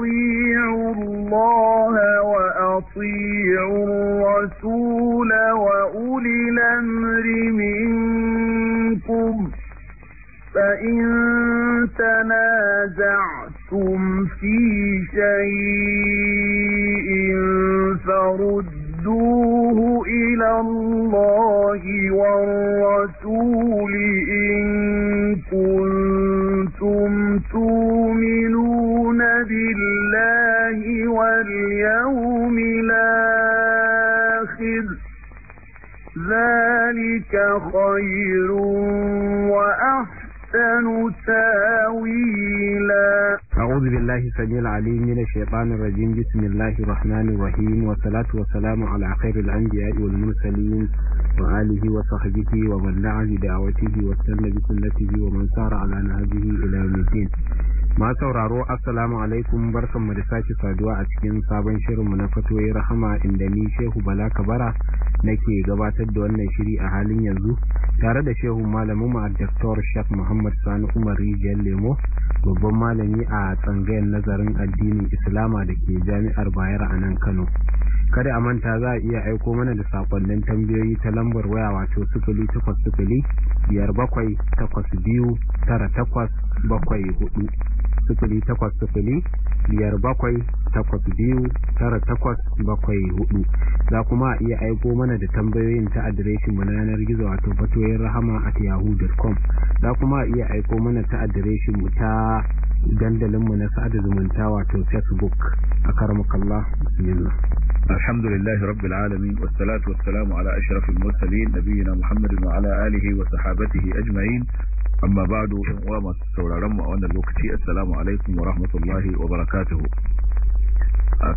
أطيعوا اللَّهَ وَأَطِيعُوا الرَّسُولَ وَأُولِي الْأَمْرِ مِنكُمْ فَإِن تَنَازَعْتُمْ فِي شَيْءٍ فَرُدُّوهُ إِلَى اللَّهِ وَالرَّسُولِ إِن كُنتُمْ تُؤْمِنُونَ بِاللَّهِ اللَّهِ واليوم الآخر ذلك خير وأحسن تاويلا أعوذ بالله السميع العليم من الشيطان الرجيم بسم الله الرحمن الرحيم والصلاة والسلام على خير الأنبياء والمرسلين وآله وصحبه ومن دعا بدعوته واستنى بسنته ومن سار على نهجه إلى يوم الدين ma sauraro assalamu alaikum barkanmu da sake saduwa a cikin sabon shirinmu na fatoyi rahama inda ni shehu bala kabara nake gabatar da wannan shiri a halin yanzu tare da shehu malamin mu Dr. Sheikh Muhammad Sani Umar Rijiyar Lemo babban malami a tsangayar nazarin addinin Islama da ke Jami'ar bayar a nan Kano kada a manta za a iya aiko mana da sakonnin tambayoyi ta lambar waya wato sifili takwas sifili biyar bakwai takwas biyu tara takwas bakwai hudu sifili takwas sifili biyar bakwai takwas biyu tara takwas bakwai hudu za kuma iya aiko mana da tambayoyin ta adireshin mu na yanar gizo wato fatoyin rahama at yahoo.com za kuma iya aiko mana ta adireshin mu ta dandalin mu na sa'ada zumunta wato facebook a karamakallah bismillah الحمد لله رب العالمين والصلاة والسلام على أشرف المرسلين نبينا محمد وعلى آله وصحابته أجمعين amma bado in uwa masu sauraron mu a wannan lokaci assalamu alaikum wa rahmatullahi wa barakatuhu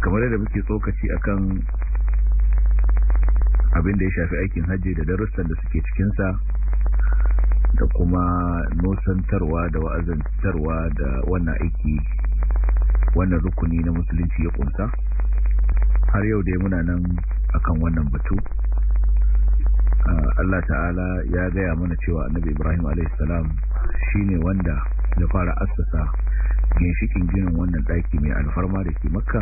kamar yadda muke tsokaci akan abin da ya shafi aikin hajji da darussan da suke cikin sa da kuma nosantarwa da wa'azantarwa da wannan aiki wannan rukuni na musulunci ya kunsa har yau dai muna nan akan wannan batu Ah, Allah ta'ala ya gaya mana cewa annabi Ibrahim shi shine wanda ya fara assasa ginshikin ginin wannan daki mai alfarma da ke makka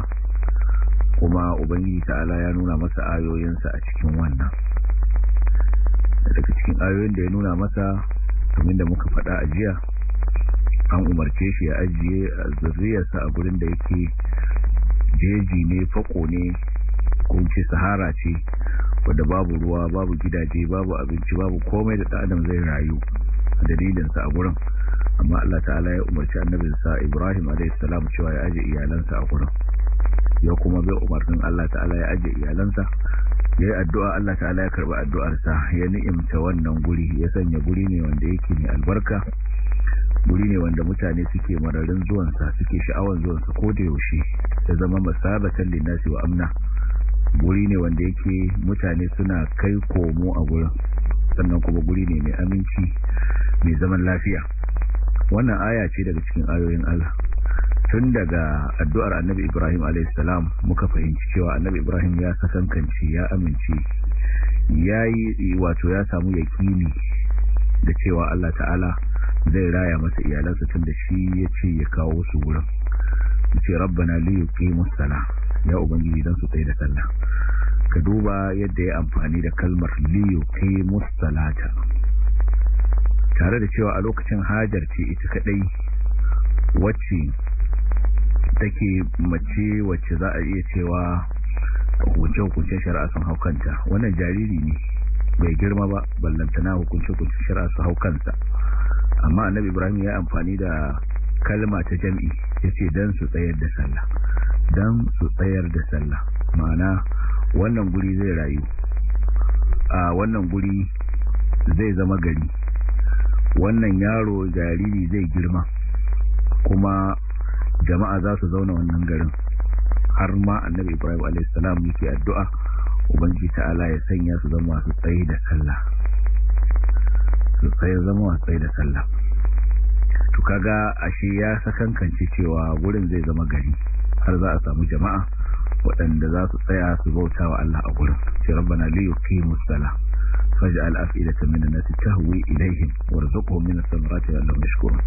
kuma ubangiji ta'ala ya nuna masa ayoyinsa a cikin wannan daga cikin ayoyin da ya nuna masa kamar da muka faɗa a jiya an umarce shi ya ajiye zurriyarsa a gurin da yake jeji ne fako ne kunci sahara ce wadda babu ruwa babu gidaje babu abinci babu komai da adam zai rayu a dalilinsa a gurin amma Allah ta'ala ya umarci annabinsa Ibrahim Salam cewa ya aje iyalansa a gurin ya kuma bai umarnin Allah ta'ala ya aje iyalansa ya yi addu'a Allah ta'ala ya karɓi addu'arsa ya ni'imta wannan guri ya sanya guri ne wanda yake ne albarka guri ne wanda mutane suke mararin zuwansa suke sha'awar zuwansa ko da yaushe ya zama masabatan linasi wa amna guri ne wanda yake mutane suna kai komo a gurin sannan kuma guri ne mai aminci mai zaman lafiya wannan aya ce daga cikin ayoyin Allah tun daga addu'ar annabi ibrahim a.s. muka fahimci cewa annabi ibrahim ya kasankance ya amince ya yi wato ya samu yakini da cewa allah ta'ala zai raya masa iyalansa tun da shi ya ce ya kawo su wurin ce rabbana liyu qimus musala. ya ubangiji don su tsaye da sallah ka duba yadda ya amfani da kalmar liyo kai mustalata tare da cewa a lokacin hajar ce ita kadai wacce take mace wacce za a iya cewa hukunce hukuncin shari'a sun hau wannan jariri ne bai girma ba ballantana hukunce hukuncin shari'a sun hau amma annabi ibrahim ya amfani da kalma ta jam'i ya ce don su tsayar da sallah don su tsayar da sallah ma'ana wannan guri zai rayu a wannan guri zai zama gari wannan yaro jariri zai girma kuma jama'a za su zauna wannan garin har ma annabi ibrahim alaihissalam yake addu'a ubangi ta'ala ya sanya su zama su tsaye da sallah su tsaye zama su tsaye da sallah to kaga ashe ya sakankance cewa gurin zai zama gari har za a samu jama'a waɗanda za su tsaya su bauta wa Allah a gurin ce rabbana li yuqimu sala faj'al af'idatan min an-nasi tahwi ilayhim warzuqhum min ath-thamarati yashkurun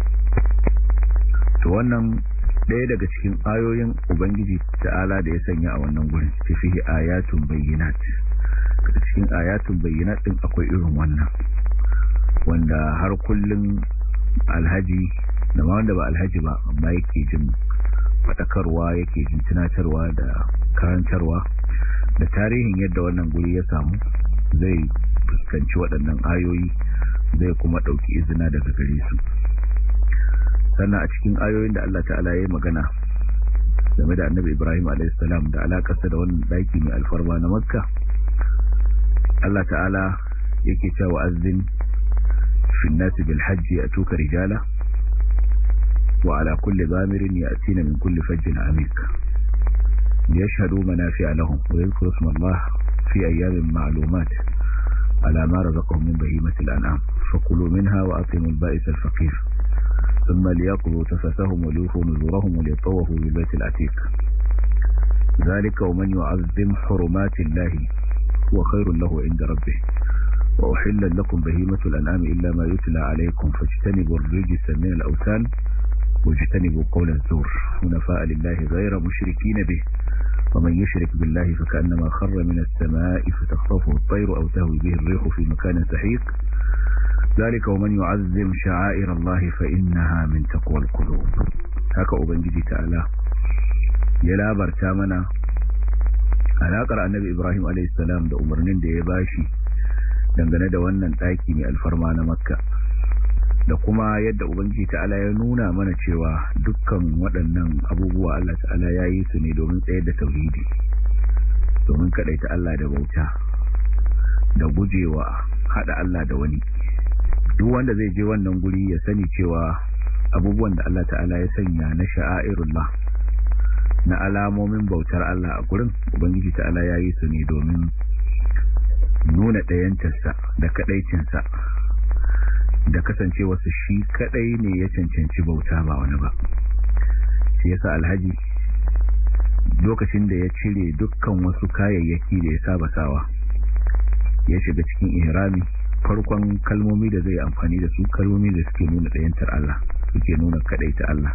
to wannan ɗaya daga cikin ayoyin ubangiji ta'ala da ya sanya a wannan gurin ce fihi ayatun bayyinat daga cikin ayatun bayyinat din akwai irin wannan wanda har kullun alhaji da ma wanda ba alhaji ba amma yake jin faɗakarwa yake tunatarwa da karantarwa da tarihin yadda wannan guri ya samu zai fuskanci waɗannan ayoyi zai kuma ɗauki izina daga gare su sannan a cikin ayoyin da Allah ta'ala ya yi magana game da annabi ibrahim a.s. da alaƙasa da wannan ɗakin mai alfarwa na makka Allah ta'ala yake cewa azin finnasi bilhajji a tuka rijala وعلى كل بامر يأتين من كل فج عميق ليشهدوا منافع لهم ويذكروا اسم الله في أيام معلومات على ما رزقهم من بهيمة الأنعام فكلوا منها وأطعموا البائس الفقير ثم ليقضوا تفسهم وليوفوا نذورهم وليطوفوا بالبيت العتيق ذلك ومن يعظم حرمات الله هو خير له عند ربه وأحل لكم بهيمة الأنعام إلا ما يتلى عليكم فاجتنبوا الرجس من الأوثان واجتنبوا قول الزور حنفاء لله غير مشركين به ومن يشرك بالله فكأنما خر من السماء فتخطفه الطير أو تهوي به الريح في مكان سحيق ذلك ومن يعزم شعائر الله فإنها من تقوى القلوب هكا ubangiji تعالى ya labarta mana alaƙar annabi النبي إبراهيم عليه السلام da ya bashi dangane da wannan ɗaki mai da kuma yadda ubangiji ta'ala ya nuna mana cewa dukkan waɗannan abubuwa Allah ta'ala ya yi su ne domin tsayar da tauhidi domin ta Allah da bauta da gujewa haɗa Allah da wani duk wanda zai je wannan guri ya sani cewa abubuwan da Allah ta'ala ya sanya na sha'airullah na alamomin bautar Allah a gurin ubangiji ta'ala ya yi su ne domin nuna ɗayantarsa da kaɗaicinsa da kasancewarsa shi kadai ne ya cancanci bauta ba wani ba shi yasa alhaji lokacin da ya cire dukkan wasu kayayyaki da ya saba sawa ya shiga cikin ihrami farkon kalmomi da zai amfani da su kalmomi da suke nuna dayantar Allah suke nuna kadai ta Allah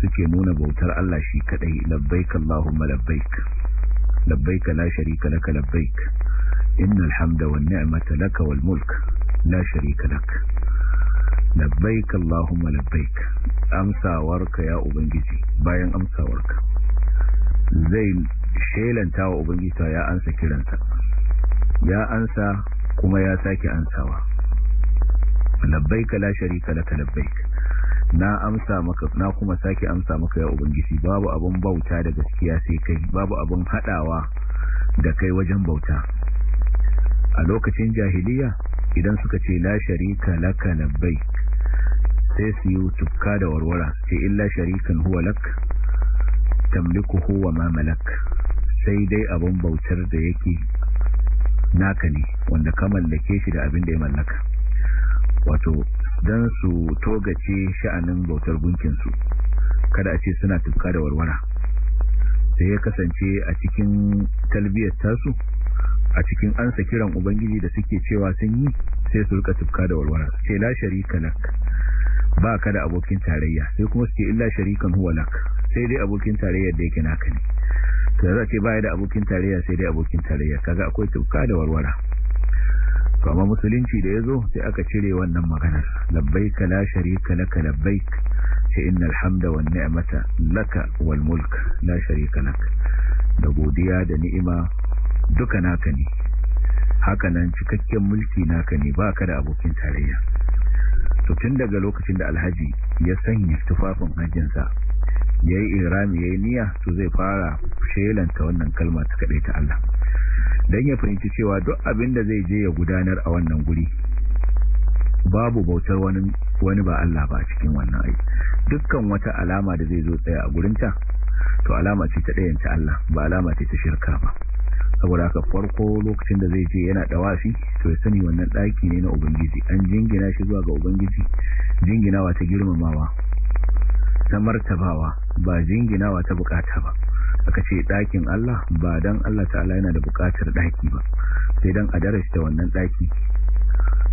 suke nuna bautar Allah shi kadai labbaik allahumma labbaik labbaik la sharika laka labbaik innal hamda wan ni'mata laka wal mulk la sharika lak labbaik allahumma labbaik amsawarka ya ubangiji bayan amsawar ka zai shelanta wa ubangiji ya ansa kiransa ya ansa kuma ya sake ansawa labbaik la sharika lak labbaik na amsa maka na kuma sake amsa maka ya ubangiji babu abun bauta da gaskiya sai kai babu abun hadawa da kai wajen bauta a lokacin jahiliya idan suka ce la sharika laka labbai sai su yi tukka da warwara sai ce illa sharikan huwa lak tamliku huwa ma sai dai abin bautar da yake naka ne wanda ka mallake shi da abin da ya mallaka wato don su togace sha'anin bautar gunkinsu kada a ce suna tukka da warwara sai ya kasance a cikin talbiyar tasu a cikin ansa kiran ubangiji da suke cewa sun yi sai su rika tufka da walwala ce la sharika lak ba ka da abokin tarayya sai kuma suke illa sharikan huwa lak sai dai abokin tarayya da yake naka ne to za ce baya da abokin tarayya sai dai abokin tarayya kaga akwai tufka da walwala to amma musulunci da yazo sai aka cire wannan maganar labbaika la sharika lak labbaik ce innal hamda wan ni'mata laka wal mulk la sharika lak da godiya da ni'ima duka naka ne haka nan cikakken mulki naka ne ba ka da abokin tarayya to tun daga lokacin da alhaji ya sanya tufafin hajjinsa ya yi irami ya yi niyya to zai fara ta wannan kalma ta kaɗai ta Allah don ya fahimci cewa duk abin da zai je ya gudanar a wannan guri babu bautar wani wani ba Allah ba cikin wannan aiki dukkan wata alama da zai zo tsaya a gurinta to alama ce ta ɗayan ta Allah ba alama ce ta shirka ba saboda haka farko lokacin da zai je yana ɗawafi to ya sani wannan daki ne na ubangiji an jingina shi zuwa ga ubangiji jinginawa ta girmamawa ta martabawa ba jinginawa ta bukata ba aka ce dakin Allah ba dan Allah ta'ala yana da bukatar daki ba sai dan a darasta wannan daki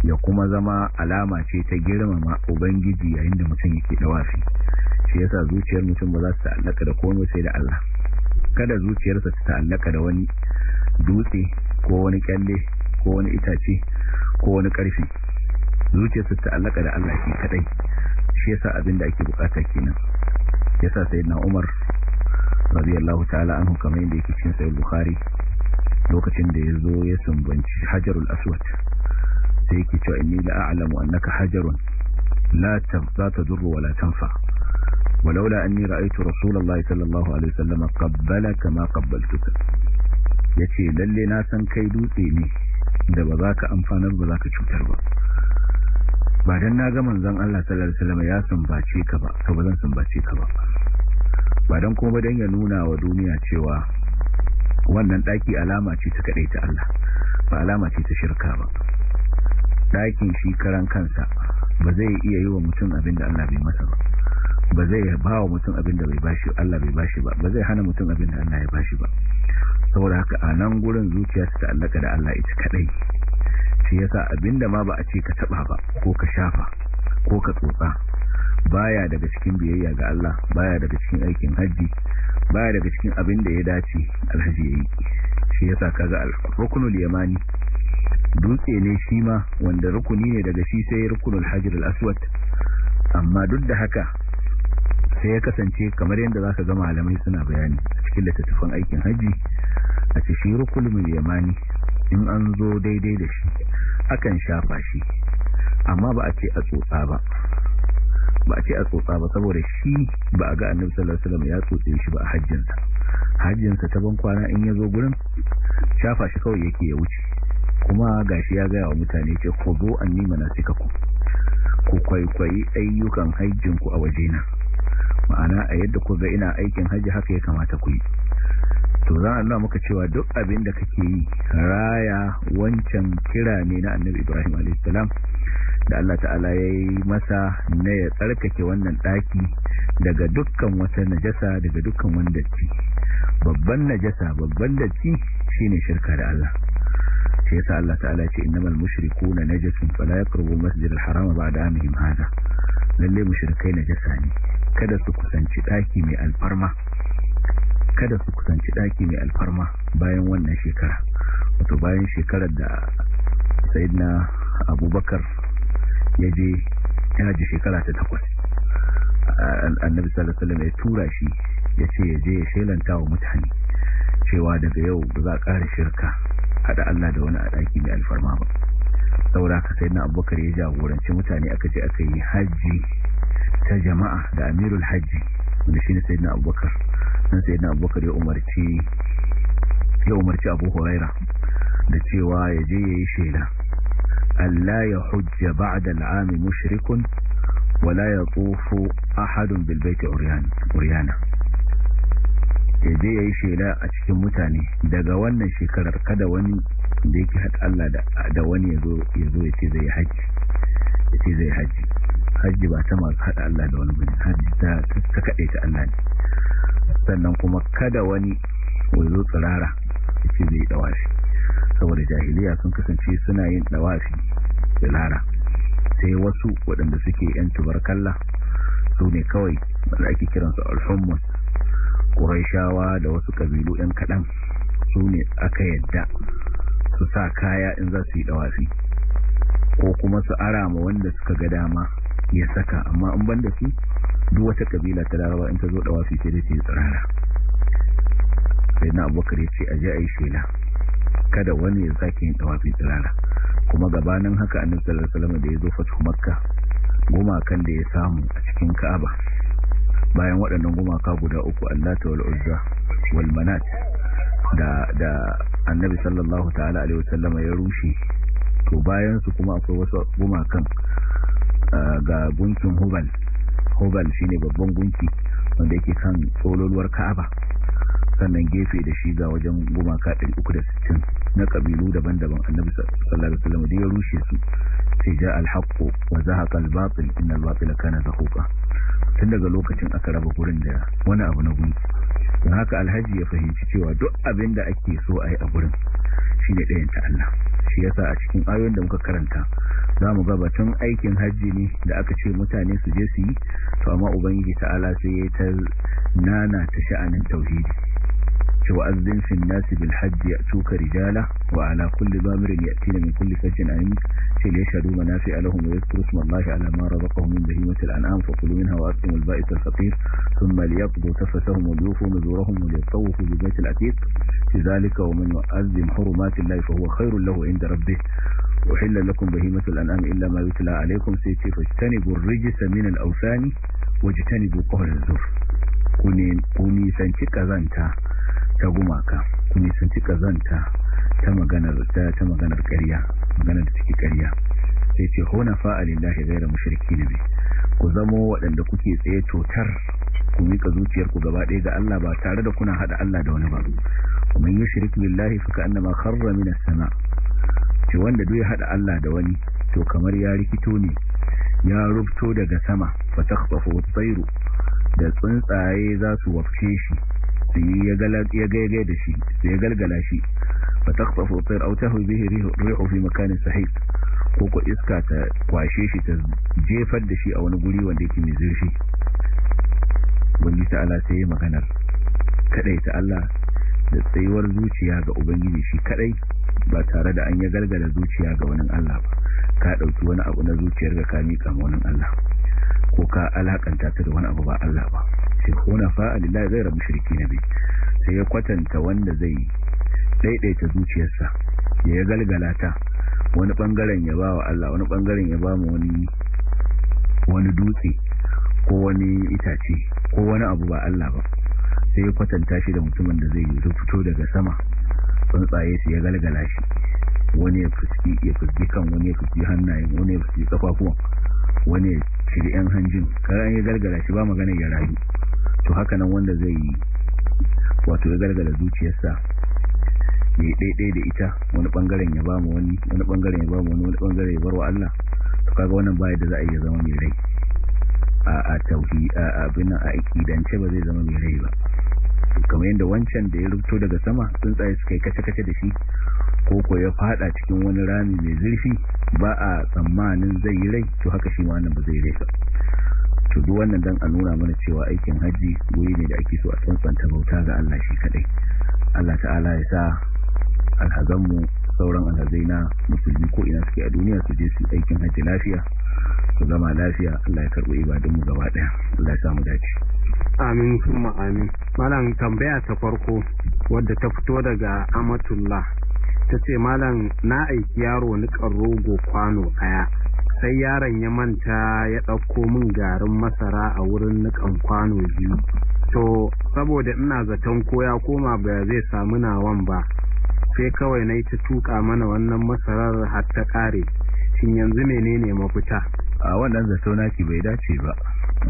ya kuma zama alama ce ta girmama ubangiji yayin da mutum yake ɗawafi shi yasa zuciyar mutum ba za su ta'allaka da komai sai da Allah kada zuciyarsa ta ta'allaka da wani dutse ko wani kyalle ko wani itace ko wani karfi zuciyarsa ta ta'allaka da Allah shi kadai shi yasa abin da ake bukata kenan yasa sayyidina Umar radiyallahu ta'ala anhu kamar yadda yake cikin sahih Bukhari lokacin da yazo ya sumbanci Hajarul Aswad sai yake cewa inni la a'lamu annaka hajarun la tafza tadur wa la tanfa walaula anni ra'aytu rasulullahi sallallahu alaihi wasallam qabbala kama lalle na san kai dutse ne da ba za ka amfanar ba za ka cutar ba ba dan na ga manzon Allah sallallahu alaihi wasallam ya sumbace ka to ba zan sumbace ba kuma ya nuna wa duniya cewa wannan daki alama ce ta kadai ta Allah ba alama ce ta shirka ba dakin shi karan kansa ba zai iya yi wa mutum abin da Allah bai masa ba ba zai ba wa mutum abin da bai bashi Allah bai bashi ba ba zai hana mutum abin da Allah ya bashi ba saboda haka a nan gurin zuciya ta allaka da Allah ita kadai shi yasa abin da ma ba a ce ka taba ba ko ka shafa ko ka tsotsa baya daga cikin biyayya ga Allah baya daga cikin aikin haji baya daga cikin abin da ya dace alhaji yayi shi yasa kaga al-ruknul yamani dutse ne shi ma wanda rukuni ne daga shi sai rukunul hajjul aswad amma duk da haka sai ya kasance kamar yadda za ka ga malamai suna bayani a cikin littattafan aikin hajji a ce shi rukulmul yamani in an zo daidai da shi akan shafa shi amma ba a ce a tsotsa ba ba a ce a tsotsa ba saboda shi ba a ga annabi sallallahu alaihi wasallam ya tsotse shi ba a hajjinsa hajjinsa ta ban kwana in ya zo gurin shafa shi kawai yake ya wuce kuma gashi ya gaya wa mutane ce ku zo annima na ku ku kwaikwayi ayyukan hajjinku a wajena ma'ana a yadda ku ina aikin hajji haka ya kamata ku yi to za Allah muka cewa duk abin da kake yi raya wancan kira ne na annabi Ibrahim a.s. da Allah ta'ala ya yi masa na ya tsarkake wannan ɗaki daga dukkan wata najasa daga dukkan wanda ci babban najasa babban datti shine shirka da Allah shi yasa Allah ta'ala ce innamal mushrikuuna najasun fala yaqrabu masjidal harama ba'da amihim hada lalle mushrikai najasa ne kada su kusanci daki mai alfarma kada su kusanci daki mai alfarma bayan wannan shekara wato bayan shekarar da sayyidina abubakar ya je yana ji shekara ta takwas annabi sallallahu alaihi wasallam ya tura shi ya ce ya je ya shelanta wa mutane cewa daga yau ba za a ƙara shirka haɗa Allah da wani a ɗaki mai alfarma ba saura ka sai na abubakar ya jagoranci mutane aka je aka yi hajji ta jama'a da amirul hajji wanda shi ne sayidina abubakar na sayidina abubakar ya umarci ya umarci abu huraira da cewa ya je ya yi shaida Allah ya hujja ba'da al'ami mushrikun wala ya tsofo ahadun bilbaiti uriyana ya je ya yi shaida a cikin mutane daga wannan shekarar kada wani da yake haɗa Allah da wani ya zo ya ce zai hajji ya ce zai hajji hajji ba ta masu haɗa Allah da wani bane hajji ta kaɗai ta Allah ne sannan kuma kada wani wazo tsirara ya ce zai ɗawafi saboda jahiliya sun kasance suna yin ɗawafi tsirara sai wasu waɗanda suke yan tubarkalla su ne kawai wanda ake kiransu alhummus ƙuraishawa da wasu ƙabilu yan kaɗan su ne aka yadda su sa kaya in za su yi ɗawafi ko kuma su arama wanda suka ga dama ya saka amma an banda su duk wata kabila ta larawa in ta zo dawafi sai dai ta yi tsirara sai na abubakar ya ce a je a yi shela kada wani ya sake yin dawafi tsirara kuma gabanin haka annabi sallallahu salama da ya zo fatu makka gumakan da ya samu a cikin ka'aba bayan waɗannan gumaka guda uku allah ta wal'uzza walmanat da annabi sallallahu ta'ala alaihi ya rushe to bayan su kuma akwai wasu gumakan ga gunkin hubal hubal shine babban gunki wanda yake kan tsololuwar ka'aba sannan gefe da shi ga wajen gumaka 360 na kabilu daban-daban annabi sallallahu alaihi wasallam ya rushe su sai ja al-haqqu wa zahaqa al inna al kana zahuqa tun daga lokacin aka raba gurin da wani abu na gunki don haka alhaji ya fahimci cewa duk abin da ake so a yi a gurin shine ɗayan ta Allah shi yasa a cikin ayoyin da muka karanta za mu ga batun aikin hajji ne da aka ce mutane su je su yi to amma ubangiji ta'ala sai ya ta nana ta sha'anin tauhidi وأذن في الناس بالحج يأتوك رجالا وعلى كل بامر يأتين من كل فج أمين ليشهدوا منافع لهم ويذكروا اسم الله على ما رزقهم من بهيمة الأنعام فكلوا منها وأطعموا البائس الفقير ثم ليقضوا تفتهم وليوفوا نذورهم وليطوفوا ببيت العتيق في ذلك ومن يؤذن حرمات الله فهو خير له عند ربه أحل لكم بهيمة الأنعام إلا ما يتلى عليكم سيتي فاجتنبوا الرجس من الأوثان واجتنبوا قهر الزور ku nisanci kazanta ta gumaka ku nisanci kazanta ta maganar ta maganar ƙarya maganar da take ƙarya sai ce hunafa alillahi ghayra na bi ku zamo waɗanda kuke tsaye totar ku mika zuciyar ku gaba ɗaya ga Allah ba tare da kuna hada Allah da wani ba kuma yi shirki billahi fa ka'annama kharra minas sama ce wanda duk ya hada Allah da wani to kamar ya rikito ne ya rubto daga sama fa takhsafu at-tayru da tsuntsaye za su wafce shi yi ya gaya da shi su ya galgala shi ba taqtafu tsir aw tahwi bihi rihu fi makanin sahih ko ko iska ta kwashe shi ta jefar da shi a wani guri wanda yake mai zirfi wani ta'ala sai ya maganar kadai ta Allah da tsayuwar zuciya ga ubangiji shi kadai ba tare da an ya galgala zuciya ga wani Allah ba ka dauki wani abu na zuciyar ga ka mika wani Allah ko ka alakanta ta da wani abu ba Allah ba ce hunafa lillahi zai rabu shirki na bi sai ya kwatanta wanda zai daidaita zuciyarsa ya galgala ta wani bangaren ya ba wa Allah wani bangaren ya ba mu wani wani dutse ko wani itace ko wani abu ba Allah ba sai ya kwatanta shi da mutumin da zai yi fito daga sama tsuntsaye su ya galgala shi wani ya fuski ya fuski kan wani ya fuski hannayen wani ya fuski kafafuwan wani ya shirya yan hanjin karan ya galgala shi ba magana ya rayu to haka nan wanda zai yi wato ya gargada zuciyarsa ya yi ɗaiɗai da ita wani bangaren ya ba mu wani wani bangaren ya ba mu wani ɓangaren ya bar wa Allah to kaga wannan baya da za a iya zama mai rai a a tauhi a abin a ce ba zai zama mai rai ba kamar yadda wancan da ya rubuto daga sama tsuntsaye suka yi kace-kace da shi ko ko ya fada cikin wani rami mai zurfi ba a tsammanin zai yi rai to haka shi ma wannan ba zai rai ba to duk wannan dan a nuna mana cewa aikin haji goyi ne da ake so a tsantsanta bauta ga Allah shi kadai Allah ta'ala ya sa alhazanmu sauran alhazai na musulmi ko ina suke a duniya su je su aikin haji lafiya su zama lafiya Allah ya karɓi ibadunmu gaba ɗaya Allah ya samu dace amin kuma amin malam tambaya ta farko wadda ta fito daga amatullah ta ce malam na aiki yaro ni rogo kwano ɗaya sai yaron ya manta ya ɗauko min garin masara a wurin nukan kwano biyu to saboda ina zaton ko ya koma ba zai samu nawan ba sai kawai na yi ta tuka mana wannan masarar har ta ƙare shin yanzu menene mafita a wannan zato naki bai dace ba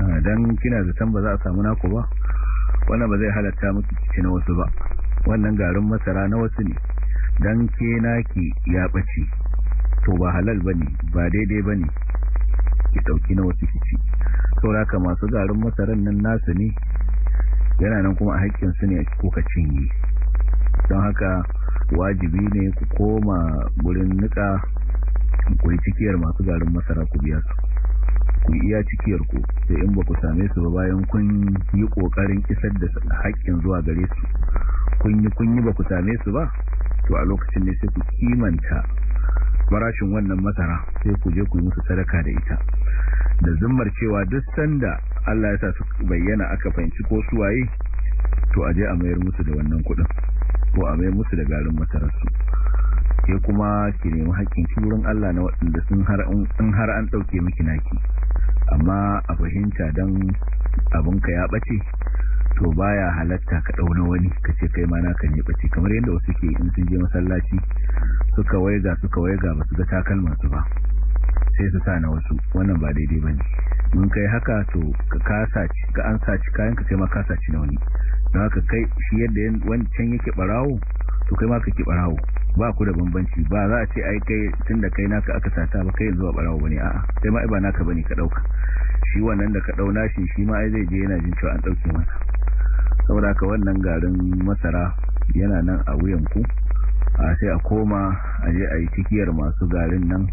ah, don kina zaton ba za a samu naku ba wannan ba zai halatta miki kici na wasu ba wannan garin masara na wasu ne don ke naki ya ɓace to ba halal ba ne, ba daidai ba ne. ki ɗauki na wasu kici sauraka masu garin masarar nan nasu ne yana nan kuma a haƙƙin su ne ko ka cinye don haka wajibi ne ku koma gurin nika ku yi cikiyar masu garin masara ku biya su ku iya cikiyar ku sai in ba ku same su ba bayan kun yi ƙoƙarin isar da haƙƙin zuwa gare su kun yi kun yi ba ku same su ba to a lokacin ne sai ku kimanta farashin wannan masara sai ku je ku musu sadaka da ita da zimmar cewa duk sanda Allah ya sa su bayyana aka fahimci ko su waye to a je a mayar musu da wannan kuɗin ko a mayar musu da garin masararsu Sai kuma ki nemi hakkin ki wurin Allah na waɗanda sun har an har an ɗauke miki naki amma a fahimta dan abinka ya ɓace to baya halatta ka dauna wani kace kai ma naka ne bace kamar yadda wasu ke in sun je masallaci suka waiga suka waiga ba su ga takalman su ba sai su sa na wasu wannan ba daidai bane mun kai haka to ka kasa ci ka an ci kayan ka kai ma kasa ci na wani don haka kai shi yadda wancan yake barawo to kai ma ka ke barawo ba ku da bambanci ba za a ce ai kai tunda kai naka aka sata ba kai yanzu ba barawo bane a'a sai ma ai ba naka bane ka dauka shi wannan da ka dauna shi shi ma ai zai je yana jin cewa an dauke masa saboda ka wannan garin masara yana nan a wuyan ku a sai a koma a je a yi cikiyar masu garin nan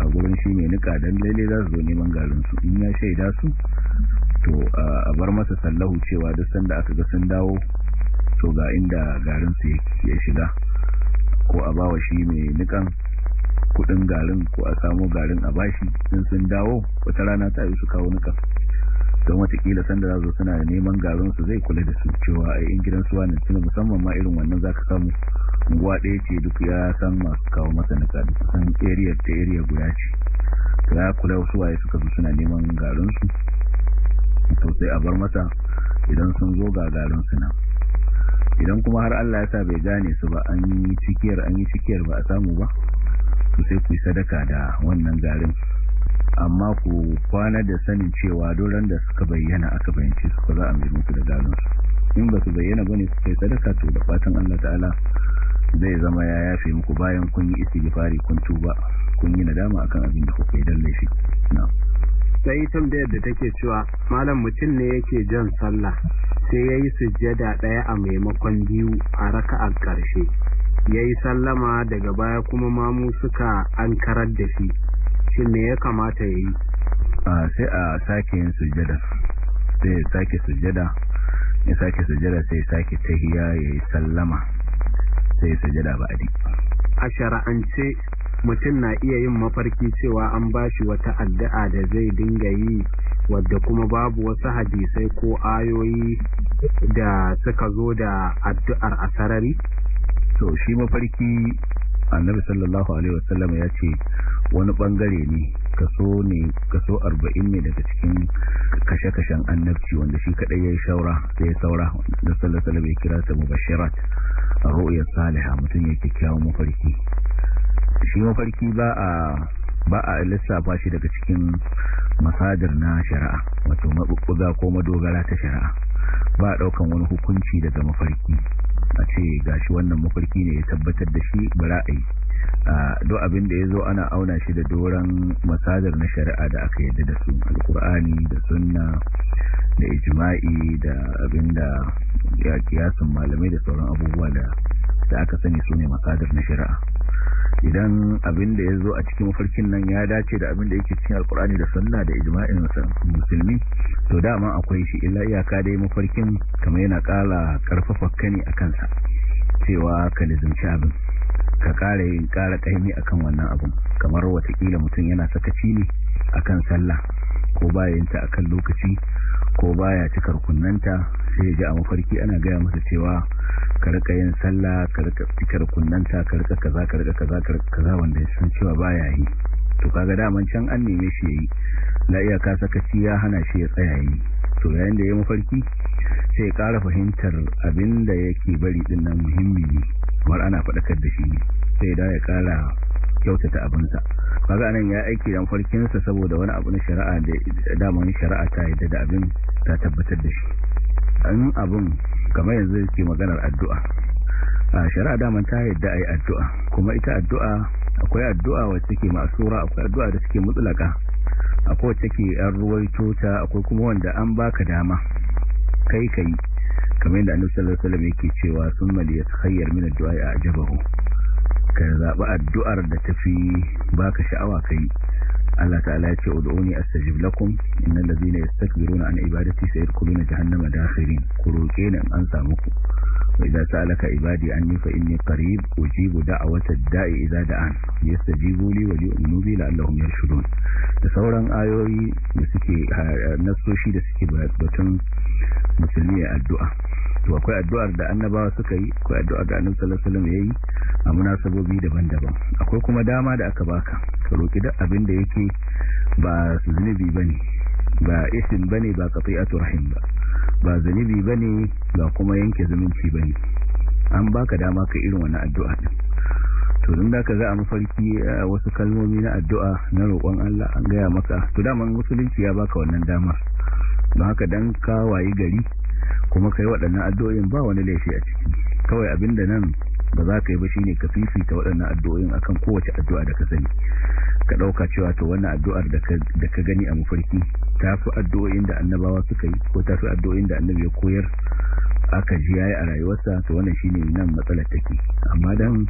a gurin shi mai nika don lele za su zo neman garin su in ya shaida su to a bar masa sallahu cewa duk sanda aka ga sun dawo to ga inda garinsu ya shiga ko a bawa shi mai nikan kudin garin ko a samu garin a bashi in sun dawo wata rana ta yi su kawo nikan don watakila sanda za su suna da neman garinsu zai kula da su cewa a yin gidan suwa ne suna musamman ma irin wannan za ka samu unguwa ɗaya ce duk ya san masu kawo masa na tsari kusan area ta area guya ce ta ya kula su waye suka zo suna neman garinsu to sai a bar masa idan sun zo ga garinsu na idan kuma har Allah ya sa bai gane su ba an yi cikiyar an yi cikiyar ba a samu ba to sai ku yi sadaka da wannan garin amma ku kwana da sanin cewa doron da suka bayyana aka bayyance su ko za a mai da galon su in ba su bayyana ba ne su kai sadaka to da fatan Allah ta'ala zai zama ya yafe muku bayan kun yi istighfari kun tuba kun yi nadama akan abin da kuka yi dan laifi sai sai tun da take cewa malam mutum ne yake jan sallah sai yayi sujjada daya a maimakon biyu a raka'a karshe yayi sallama daga baya kuma mamu suka ankarar da shi shin me ya kamata ya yi sai a sake yin sujada sai sake sujada, ya sake sujada sai sake tahiya ya yi sallama sai sujada ba a shara'ance mutum na iya yin mafarki cewa an bashi wata addu'a da zai dinga yi wadda kuma babu wasu hadisai ko ayoyi da suka zo da addu'ar a sarari to shi mafarki annabi sallallahu alaihi wasallam ya ce wani bangare ne kaso ne kaso 40 ne daga cikin kashe-kashen annabci wanda shi kadai yi shaura sai saura da sallallahu alaihi wasallam ya kira ta mubashirat ru'ya salihah mutum yake kyawun mafarki shi mafarki ba a ba a lissafa shi daga cikin masadar na shari'a wato mabukuga ko madogara ta shari'a ba a daukan wani hukunci daga mafarki a ce gashi wannan mafarki ne ya tabbatar da shi bara'ayi duk abin da ya zo ana auna shi da doron masadar na shari'a da aka yadda da su alkur'ani da sunna da ijima'i da abin da ya kiyasun malamai da sauran abubuwa da aka sani su ne masadar na shari'a idan abin da ya zo a cikin mafarkin nan ya dace da abin da yake cikin alkur'ani da sunna da ijma'in musulmi to dama akwai shi illa iyaka dai mafarkin kamar yana kala karfafa kani a kansa cewa ka lizimci abin ka kara yin kara kaimi kan wannan abin kamar watakila mutum yana sakaci ne a kan sallah ko bayanta kan lokaci ko baya cika rukunanta sai ji a mafarki ana gaya masa cewa karka yin sallah ka rika cika rukunanta ka kaza ka rika kaza karka kaza wanda ya san cewa baya yi to kaga da man can an neme shi yayi la iya ka sakaci ya hana shi ya tsaya yi to yayin da ya mafarki sai ya kara fahimtar abinda yake bari din nan muhimmi ne kamar ana faɗakar da shi sai da ya kara kyautata abinsa kaga anan ya aiki dan sa saboda wani abu na shari'a da daman shari'a ta yi da abin ta tabbatar da shi an abun kamar yanzu yake maganar addu'a a shari'a daman ta yadda ayi addu'a kuma ita addu'a akwai addu'a wacce take ma'sura akwai addu'a da take mutlaka akwai wacce take an ruwai tota akwai kuma wanda an baka dama kai kai kamar yadda annabi sallallahu alaihi wasallam yake cewa summa liyakhayyar min addu'a ajabahu ka zaɓi addu'ar da tafi baka sha'awa yi Allah ta'ala ya ce ud'uni astajib lakum innal ladhina yastakbiruna an ibadati sayadkhuluna jahannama dakhirin ku roke ni an samu ku wa idza sa'alaka ibadi anni fa inni qarib ujibu da'watad da'i idza da'an yastajibu li wa yu'minu bi la'allahum yarshudun da sauran ayoyi da suke nasoshi da suke batun musulmi addu'a to akwai addu'ar da annabawa suka yi akwai addu'ar da annabi sallallahu alaihi wasallam yayi a munasabobi daban-daban akwai kuma dama da aka baka ka roki duk abin da yake ba zunubi bane ba isin bane ba qati'atu rahim ba ba zunubi bane ba kuma yanke zumunci bane an baka dama ka irin wannan addu'a din to don da ka za a mafarki wasu kalmomi na addu'a na roƙon Allah an gaya maka to daman musulunci ya baka wannan damar don haka dan ka wayi gari kuma kai waɗannan addu'o'in ba wani laifi a ciki kawai abinda nan ba za ka yi ba shine ka fifita waɗannan addu'o'in akan kowace addu'a da ka sani ka ɗauka cewa to wannan addu'ar da ka gani a mafarki ta fi addu'o'in da annabawa suka yi ko ta fi addu'o'in da annabi ya koyar aka ji yayi a rayuwarsa to wannan shine nan matsalar take amma dan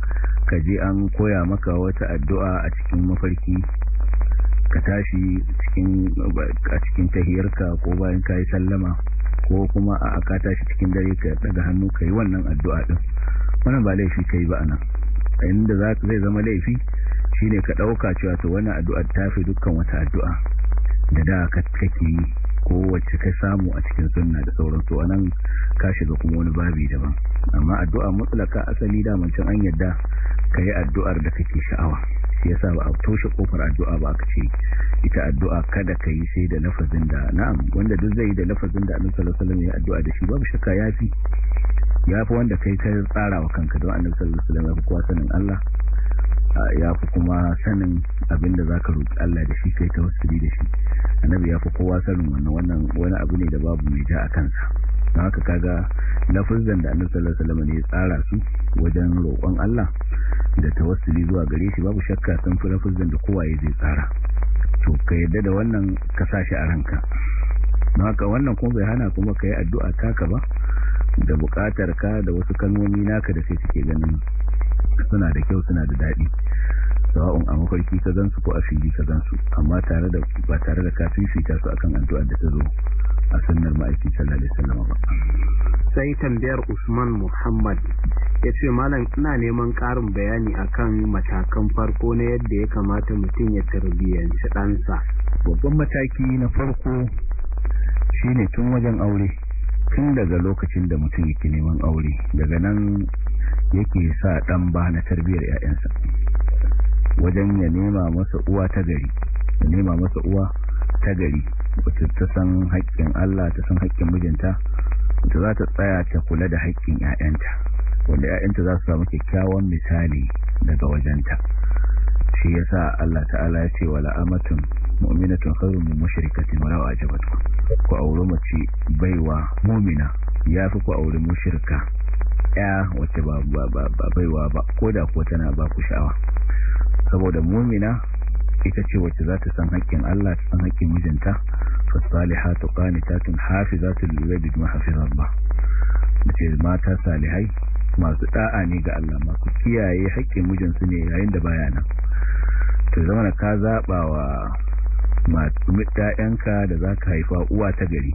ka je an koya maka wata addu'a a cikin mafarki ka tashi a cikin tahiyarka ko bayan yi sallama ko kuma a aka tashi cikin dare ka daga hannu ka yi wannan addu'a din wannan ba laifi ka yi ba anan inda za zai zama laifi shine ka ɗauka cewa ta wannan addu'a ta fi dukkan wata addu'a da da ka kake yi ko wacce ka samu a cikin sunna da sauransu anan ka shiga kuma wani babi daban amma addu'a mutlaka asali da cin an yadda ka yi addu'ar da kake sha'awa shi yasa ba a toshe kofar addu'a ba aka ce ita addu'a kada ka yi sai da lafazin da na'am wanda duk zai yi da lafazin da annabi sallallahu alaihi wasallam ya addu'a da shi babu shakka yafi yafi wanda kai ka tsara wa kanka don annabi sallallahu alaihi wasallam ya fi kowa sanin Allah ya fi kuma sanin abinda za ka roƙi Allah da shi kai ta wasu da shi annabi ya fi kowa sanin wannan wani abu ne da babu mai ja a kansa don haka kaga lafazan da annabi sallallahu alaihi wasallam ne tsara su wajen roƙon Allah da tawassuli zuwa gare shi babu shakka sun fi lafazan da kowaye zai tsara to ka yadda da wannan ka sashi a ranka don haka wannan kuma bai hana kuma ka yi addu'a taka ba da buƙatar ka da wasu kalmomi naka da sai suke ganin suna da kyau suna da daɗi sawa'un a mafarki ka gansu ko a fili ka gansu amma tare da ba tare da ka fifita su akan addu'ar da ta zo a sunnar ma'aiki sallar da sallama ba sai tambayar Usman Muhammad ya ce malam ina neman ƙarin bayani akan matakan farko na yadda ya kamata mutum ya tarbiyyanci ɗansa babban mataki na farko shine tun wajen aure tun daga lokacin da mutum yake neman aure daga nan yake sa ɗan ba na tarbiyyar 'ya'yansa wajen ya nema masa uwa ta gari wacce ta san haƙƙin Allah ta san haƙƙin mijinta wacce za ta tsaya ta kula da haƙƙin 'ya'yanta wanda 'ya'yanta za su samu kyakkyawan misali daga wajenta shi yasa Allah ta'ala ya ce wala amatun mu'minatun khairun min mushrikatin wala ajabatkum ku aure mace baiwa mu'mina ya fi ku aure mushrika ya wacce ba baiwa ba koda ko tana ba ku sha'awa saboda mu'mina ita ce wacce za ta san haƙƙin Allah ta san haƙƙin mijinta fasalihatu qanitatun hafizatun liwabi ma hafizallah mace mata salihai masu da'a ne ga Allah masu kiyaye haƙƙin mijinsu ne yayin da baya nan to zama ka zaɓa wa ɗayanka da za ka haifa uwa ta gari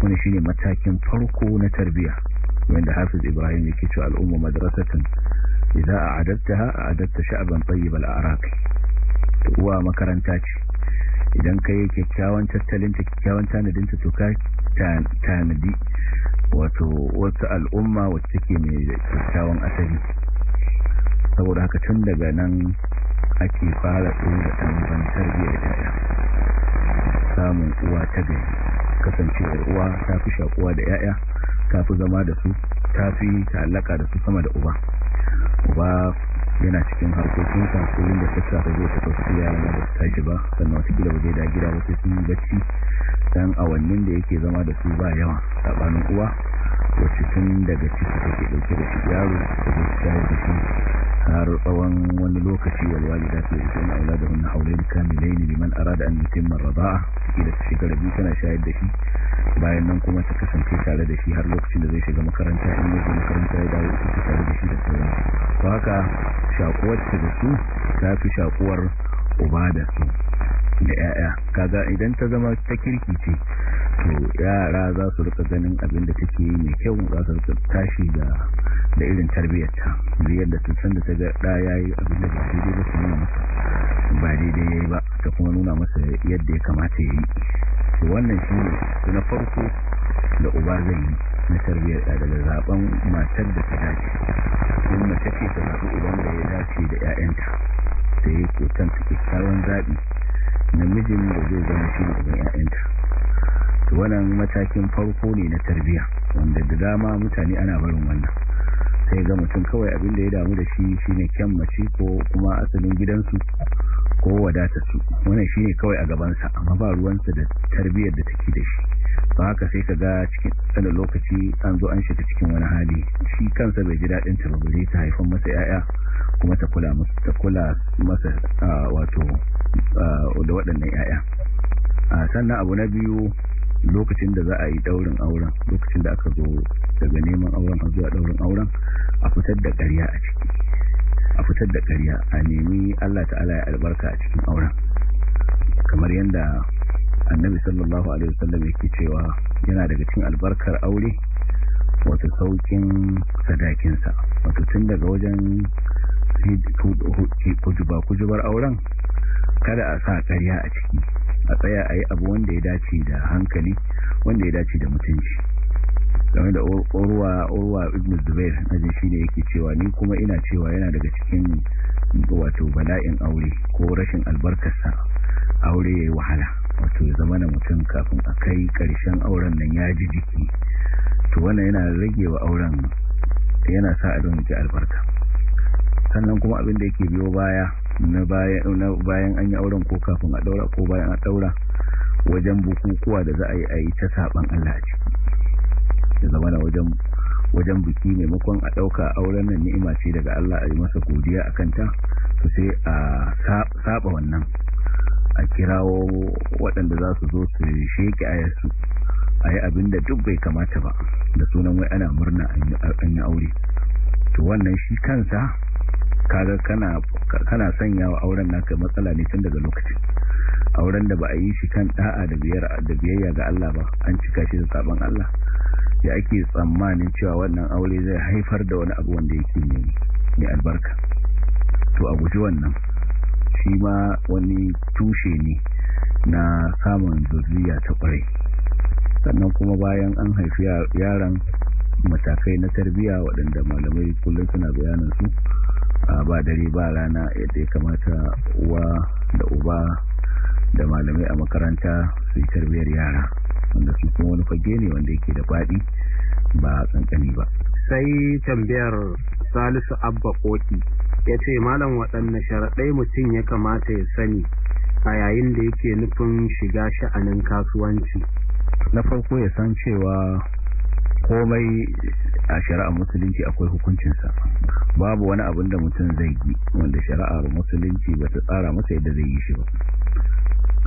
wani shine matakin farko na tarbiya wanda hafiz ibrahim yake cewa al'umma a idza a'adattaha a'adatta sha'ban tayyib al-araqi wa makaranta ce idan ka yi kyakkyawan ta kyakkyawan tanadin to ka tanadi wato wata al'umma wacce take mai kyakkyawan asali saboda haka tun daga nan ake fara tsoro da biya da samun uwa ta gari kasancewar uwa ta fi shakuwa da yaya ta fi zama da su ta fi ta'allaka da su sama da uba uba yana cikin harkokin sa da sassa da zai tafi su yaran da ta shi ba sannan wasu kila ba da gida wasu sun yi bacci dan awannin da yake zama da su ba yawa sabanin uwa wacce tun daga ciki take dauke da yaro da su tashi da shi har tsawon wani lokaci walwali da su isa na aula da wani haulai da kamilai ne liman ara da an mutum marraba'a ciki da ta shekara biyu tana shayar da shi bayan nan kuma ta kasance tare da shi har lokacin da zai shiga makaranta in yi makaranta ya dawo ita tare da shi da sauran to haka shakuwar ta da su ta fi shakuwar uba da su da 'ya'ya kaga idan ta zama ta kirki ce to yara za su rika ganin abin da take yi mai kyau za su rika tashi da da irin tarbiyyarta biyar da tutsan da ta ga da yi abin da ba daidai ba kuma masa ba daidai yayi ba ta kuma nuna masa yadda ya kamata yayi to wannan shine na farko da uba zai yi na tarbiyyar da daga zaben matar da ta dace in mace ce ta zaɓi idan da ya dace da 'ya'yanta ta yi kotan kyakkyawan zaɓi namijin da zai zama shi ne 'ya'yanta to wannan matakin farko ne na tarbiya wanda da dama mutane ana barin wannan sai ga mutum kawai abin da ya damu da shi shine kyan mace ko kuma asalin gidansu ko wadatarsu wannan shine kawai a gabansa amma ba ruwansa da tarbiyar da take da shi ba haka sai ka ga cikin tsanin lokaci an zo an shiga cikin wani hali shi kansa bai ji dadin ta zai ta haifan masa yaya kuma ta kula masa ta kula masa ah, wato ah, da waɗannan yaya ah, sannan abu na biyu lokacin da za a yi daurin auren lokacin da aka zo daga neman auren a zuwa daurin auren a fitar da karya a ciki a fitar da ƙarya a nemi Allah ta'ala ya albarka a cikin auren kamar yadda annabi sallallahu alaihi wasallam yake cewa yana daga cikin albarkar aure wato saukin sadakinsa wato tun daga wajen kujuba kujubar auren kada a sa karya a ciki a tsaya a yi abu wanda ya dace da hankali wanda ya dace da mutunci game da orwa orwa ibn zubair ajin shine yake cewa ni kuma ina cewa yana daga cikin wato bala'in aure ko rashin albarkarsa aure ya yi wahala wato ya zama na mutum kafin a kai karshen auren nan ya ji jiki to wannan yana rage wa auren yana sa a don albarka sannan kuma abin da yake biyo baya bayan an yi auren ko kafin a daura ko bayan a daura wajen bukukuwa da za a yi a yi ta saban Allah ciki da zama wajen wajen biki maimakon a ɗauka auren nan ni'ima ce daga Allah a yi masa godiya a kanta su sai a saba wannan a kirawo waɗanda za su zo su sheke ayarsu a yi abin da duk bai kamata ba da sunan wai ana murna an yi aure to wannan shi kansa kaga kana kana wa auren naka matsala ne tun daga lokacin auren da ba a yi shi kan da'a da biyar da biyayya ga Allah ba an cika shi da sabon Allah ya ake tsammanin cewa wannan aure zai haifar da wani abu wanda yake ne mai albarka to a guji wannan shi ma wani tushe ne na samun zuriya ta kwarai sannan kuma bayan an haifi yaran matakai na tarbiyya waɗanda malamai kullum suna bayanin su ba dare ba rana yadda ya kamata uwa da uba da malamai a makaranta su yi tarbiyyar yara wanda su kuma wani fage ne wanda yake da faɗi ba tsankani ba sai tambayar salisu abba koki ya ce malam waɗanne sharaɗai mutum ya kamata ya sani a yayin da yake nufin shiga sha'anin kasuwanci na farko ya san cewa komai a shari'ar musulunci akwai hukuncinsa babu wani abin da mutum zai yi wanda shari'ar musulunci ba ta tsara masa yadda zai yi shi ba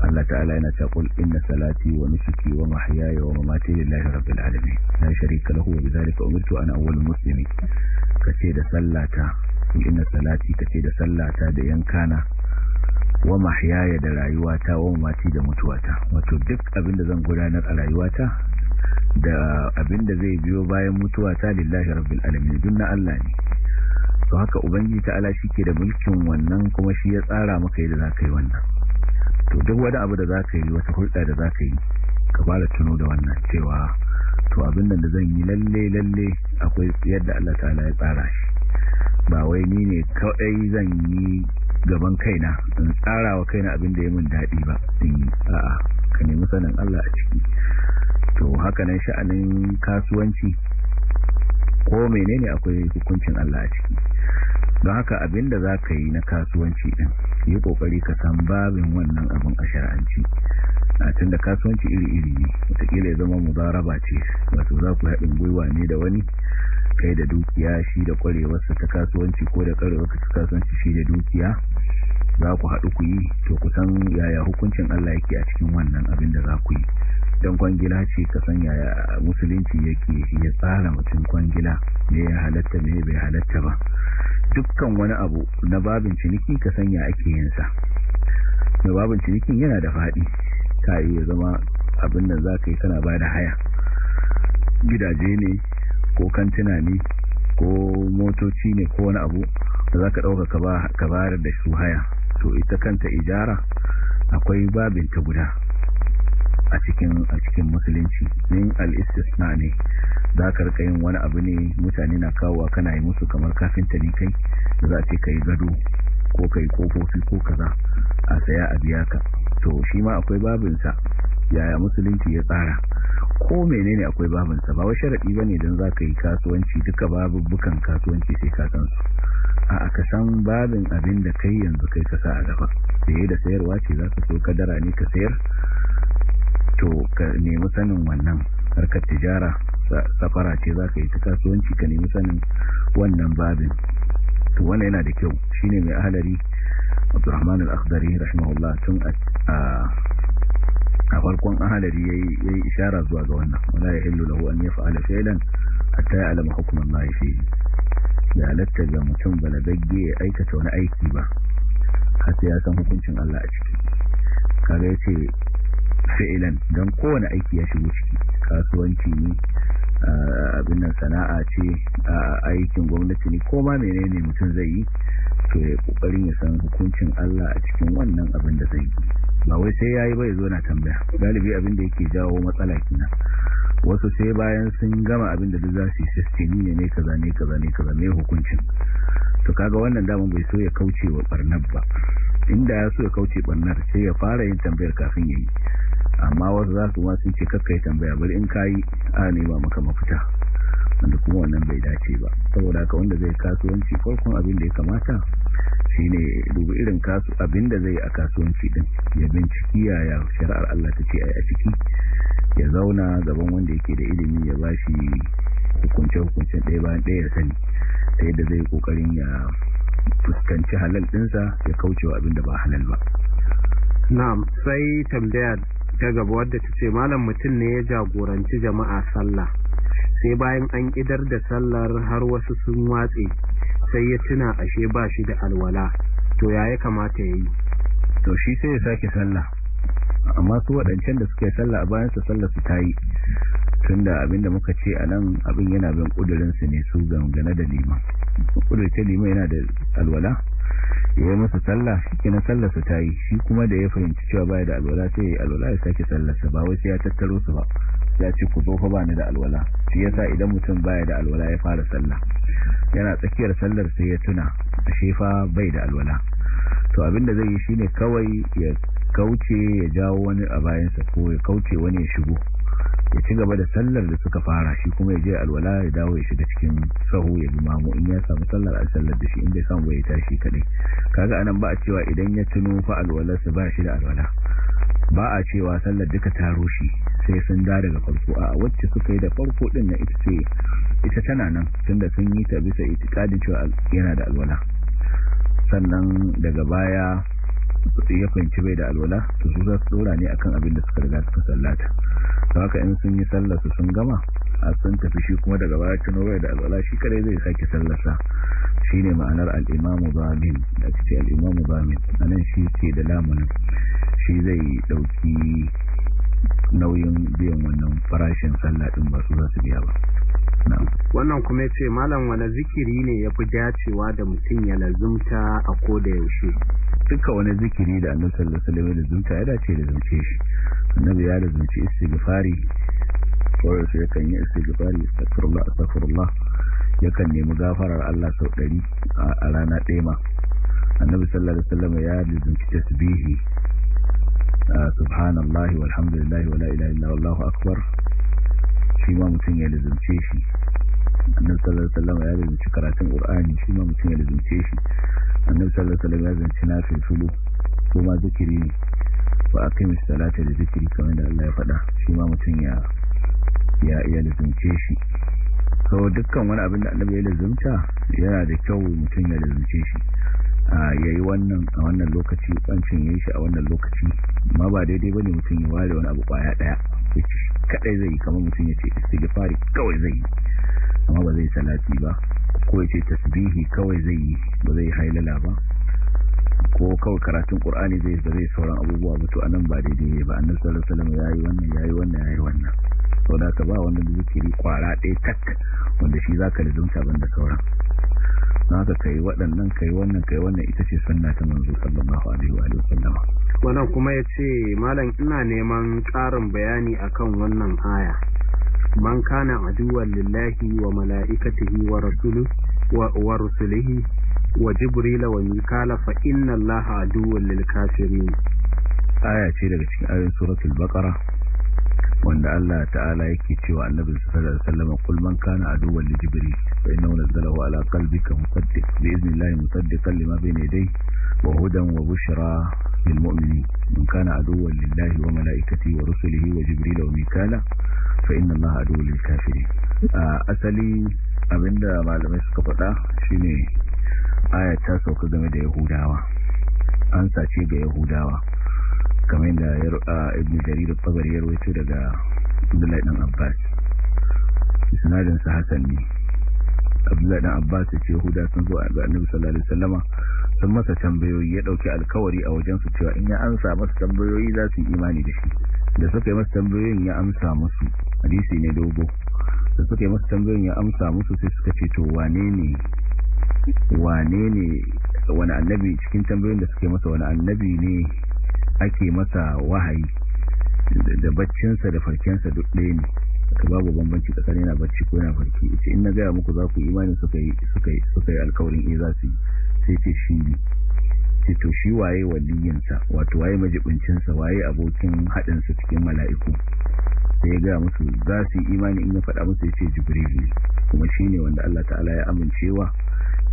Allah ta'ala yana cakul inna salati wa nusuki wa mahyaya wa mamati lillahi rabbil alamin la sharika lahu wa bidhalika umirtu ana awwalul muslimin kace da sallata inna salati kace da sallata da yankana wa mahyaya da rayuwata wa mamati da mutuwata wato duk abin da zan gudanar a rayuwata da abin da zai biyo bayan mutuwa ta lillahi rabbil alamin duk na Allah ne to haka ubangiji ta ala shike da mulkin wannan kuma shi ya tsara maka yadda zaka yi wannan to duk wani abu da zaka yi wata hulɗa da zaka yi ka fara tuno da wannan cewa to abin da zan yi lalle lalle akwai yadda Allah ta'ala ya tsara shi ba wai ni ne kawai zan yi gaban kaina in tsara wa kaina abin da ya min daɗi ba in a'a ka nemi sanin Allah a ciki to haka nan sha'anin kasuwanci ko menene akwai hukuncin Allah a ciki don haka abinda za ka yi na kasuwanci din yi ƙoƙari ka san babin wannan abin a shar'anci a tun da kasuwanci iri-iri ne watakila ya zama mubaraba ce wato za ku haɗin gwiwa ne da wani kai da dukiya shi da kwarewarsa ta kasuwanci ko da ƙwarewarsa ta kasuwanci shi da dukiya za ku haɗu ku yi to ku san yaya hukuncin Allah yake a cikin wannan abin da za ku yi dan kwangila ce ka sanya musulunci yake shi ya tsara mutum kwangila ne ya halatta ne bai halatta ba dukkan wani abu na babin ciniki ka sanya ake sa da babin cinikin yana da faɗi ta ya zama abin da za ka yi kana ba da haya gidaje ne ko kantina ne ko motoci ne ko wani abu da za ka ɗauka ka bayar da su haya to ita kanta ijara akwai babin ta guda a cikin a cikin musulunci in al-istisna ne za ka rika yin wani abu ne mutane na kawowa kana yi musu kamar kafinta ne kai da za a ce kai gado ko kai kofofi ko kaza a saya a biya ka to shi ma akwai babinsa yaya musulunci ya tsara ko menene akwai babinsa ba wai sharadi bane dan za ka yi kasuwanci duka babubukan kasuwanci sai ka san su a aka san babin abin da kai yanzu kai ka sa a gaba saye da sayarwa ce za ka so kadara ne ka sayar to ka nemi sanin wannan harkar tijara safara ce za ka yi ta kasuwanci ka nemi sanin wannan babin to wannan yana da kyau shine mai ahalari abdurrahman al-akhdari rahimahullah tun a farkon ahalari yayi ishara zuwa ga wannan wala yahillu lahu an yaf'ala shay'an hatta ya'lama hukm Allah fihi ya halatta ga mutum balagagge ya aikata wani aiki ba har sai ya san hukuncin Allah a ciki kaga yace fi'ilan don kowane aiki ya shigo ciki kasuwanci ne abin nan sana'a ce a aikin gwamnati ne ko ma menene mutum zai yi to ya kokarin ya san hukuncin Allah a cikin wannan abin da zai yi ba wai sai yayi ba ya zo na tambaya galibi abin da yake jawo matsala kina wasu sai bayan sun gama abin da za su yi ne ne kaza ne kaza ne kaza ne hukuncin to kaga wannan daman bai so ya kauce wa barnar ba inda ya so ya kauce barnar sai ya fara yin tambayar kafin ya yi. amma wasu za su wasu kaka ce kakkai tambaya bari in kayi a nema maka mafita wanda kuma wannan bai dace ba saboda haka wanda zai kasuwanci farkon abin da ya kamata shine dubu irin kasu abin da zai a kasuwanci din ya binciki yaya shari'ar Allah ta ce a ciki ya zauna gaban wanda yake da ilimi ya ba shi hukunce hukuncen ɗaya bayan ɗaya ya sani ta yadda zai kokarin ya fuskanci halal ɗinsa ya kaucewa abin da ba halal ba na'am sai tambayar ta gaba wadda ta ce malam mutum ne ya jagoranci jama'a sallah sai bayan an idar da sallar har wasu sun watse sai ya tuna ashe ba shi da alwala to ya yi kamata ya yi to shi sai ya sake sallah amma su waɗancan da suke sallah a su sallah su ta yi tun da abinda muka ce a nan abin yana bin ƙudurinsu ne su gangane da liman ƙudurin liman yana da alwala ya yi masa sallah shi na sallarsa ta yi shi kuma da ya fahimci cewa baya da alwala sai ya yi alwala ya sake sallarsa ba wai ya tattaro su ba ya ce ku zofa ba ni da alwala shi sa idan mutum baya da alwala ya fara sallah yana tsakiyar sallar sai ya tuna a shefa bai da alwala to abin da zai yi shine kawai ya kauce ya jawo wani a bayansa ko ya kauce wani ya shigo ya ci gaba da sallar da suka fara shi kuma ya je alwala ya dawo ya shiga cikin sahu ya bi mamu in ya samu sallar a sallar da shi in ya samu ya tashi kaɗai kaga anan ba a cewa idan ya tuno fa su ba shi da alwala ba a cewa sallar duka taro shi sai sun da daga farko a wacce suka yi da farko din na ita ce ita tana nan tunda sun yi ta bisa itikadin cewa yana da alwala sannan daga baya ya fahimci bai da alwala to su za su dora ne akan abin da suka riga suka sallata don haka in sun yi sallar su sun gama a sun tafi shi kuma daga baya cin bai da alwala shi kare zai sake sallarsa shi ne ma'anar al'imamu bamin da ake ce al'imamu bamin a nan shi ke da lamunin shi zai ɗauki nauyin biyan wannan farashin sallah din ba su za su biya ba wannan kuma ya ce malam wani zikiri ne ya fi dacewa da mutum ya lazumta a ko da yaushe duka wani zikiri da annabi sallallahu alaihi wasallam da zunta ya dace da zunce shi annabi ya da zunci istighfari ko sai kan yi istighfari astaghfirullah astaghfirullah kan nemi gafarar Allah sau 100 a rana ɗaya ma annabi sallallahu alaihi wasallam ya da zunci tasbihi subhanallah, walhamdulillah, wala ilaha illa wallahu akbar shi ma mutum ya lizumce shi annabi sallallahu alaihi wasallam ya lizumci karatun qur'ani shi ma mutum ya da lizumce shi annabi sallallahu alaihi wasallam ya zanci na filfilu ko ma zikiri ne ba a kai salata da zikiri kamar da Allah ya faɗa shi ma mutum ya ya iya lazumce shi ko dukkan wani abin da annabi ya lazumta yana da kyau mutum ya lazumce shi a yayi wannan a wannan lokaci bancin yayi shi a wannan lokaci ma ba daidai bane mutum ya ware wani abu kwaya daya kadai zai kamar mutum ya ce istighfari kawai zai amma ba zai salati ba ko ce tasbihi kawai zai yi ba zai hailala ba ko kawai karatun qur'ani zai ba zai sauran abubuwa ba to anan ba daidai ne ba annabi sallallahu alaihi wasallam yayi wannan yayi wannan yayi wannan to da ka ba wanda zikiri kwara ɗaya tak wanda shi zaka lizunta banda sauran na ka kai waɗannan kai wannan kai wannan ita ce sunna ta manzo sallallahu alaihi wa sallam wannan kuma yace malam ina neman ƙarin bayani akan wannan aya man na aduwwan lillahi wa mala'ikatihi wa rasulihi wa, wa wa jibril wa mikala fa inna allaha aduwwan lil kafirin aya ce daga cikin ayoyin suratul Baƙara. wanda Allah ta'ala yake cewa annabi sallallahu alaihi wasallam kul man kana aduwwan li jibril fa innahu nazzalahu ala qalbika musaddiq bi idnillahi musaddiqan lima bayna yadayhi وهدى وبشرى للمؤمنين من كان عدوا لله وملائكته ورسله وجبريل وميكالا فإن الله عدو للكافرين أسلي abinda malamai suka faɗa shine aya ta sauka game da yahudawa an sace ga yahudawa kamar da ibn jarir al-tabari ya rawaito daga Abdullah ibn Abbas sanadin sa hasan ne Abdullah ibn Abbas ya ce yahuda sun zo ga Annabi sun masa tambayoyi ya dauki alkawari a wajen su cewa in ya amsa masa tambayoyi za su yi imani da shi da suka yi masa tambayoyin ya amsa musu hadisi ne dogo da suka yi masa tambayoyin ya amsa musu sai suka ce to wane ne wane ne wani annabi cikin tambayoyin da suka yi masa wani annabi ne ake masa wahayi da baccinsa da farkensa duk ɗaya ne ka babu bambanci tsakanin yana bacci ko yana farki ce in na gaya muku za ku imanin suka yi alkawarin eh za su yi sai ce shi ne ce shi waye waliyinsa wato waye majibincinsa waye abokin haɗinsa cikin mala'iku sai ya gaya musu za su yi imani in ya faɗa musu ya ce jibril kuma shi ne wanda allah ta'ala ya amincewa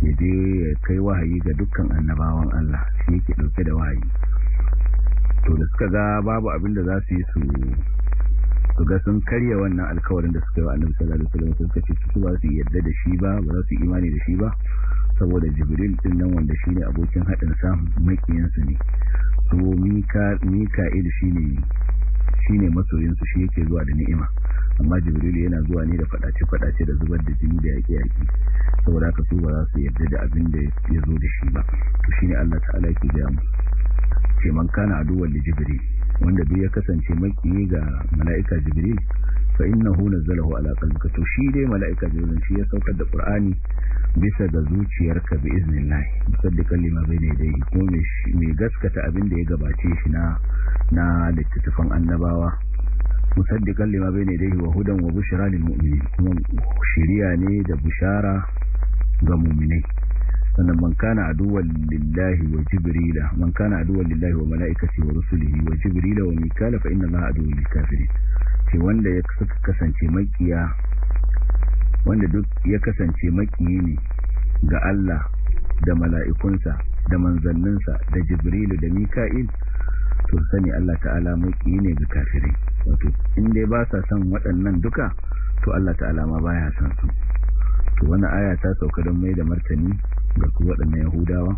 ya je ya kai wahayi ga dukkan annabawan allah shi yake ɗauke da wahayi to da suka ga babu abin da za su yi su su ga sun karya wannan alkawarin da suka yi wa annabi sallallahu alaihi wasallam suka ce su ba su yarda da shi ba ba za su imani da shi ba saboda jibril din nan wanda shine abokin hadin sa makiyansu ne to mika mika'il shine shine masoyin su shi yake zuwa da ni'ima amma jibril yana zuwa ne da fadace fadace da zubar da jini da yake yake saboda haka su ba za su yarda da abin da ya zo da shi ba to shine Allah ta'ala yake ga mu ce man kana aduwwan jibril wanda duk ya kasance makiyi ga mala'ika jibril fa innahu nazzalahu ala qalbika to shi dai mala'ika jibril shi ya saukar da qur'ani bisa ga zuciyarka bi iznillah musaddiqan lima bayna dai ko mai gaskata abin da ya gabace shi na na littattafan annabawa musaddiqan lima bayna yadayhi wa hudan wa bushra lil mu'minin kuma shiriya ne da bushara ga mu'minai sannan man kana aduwwan lillahi wa jibrila man kana aduwwan lillahi wa mala'ikati wa rusulihi wa jibrila wa mikaela fa inna allaha aduwwul kafirin ce wanda ya kasance makiya wanda duk ya kasance makiyi ne ga Allah da mala'ikunsa da manzanninsa da jibrilu da mika'il to sani Allah ta'ala makiyi ne ga kafirai wato inda ba sa son waɗannan duka to Allah ta'ala ma baya san su to wani aya ta sauka don mai da martani ga ku waɗannan yahudawa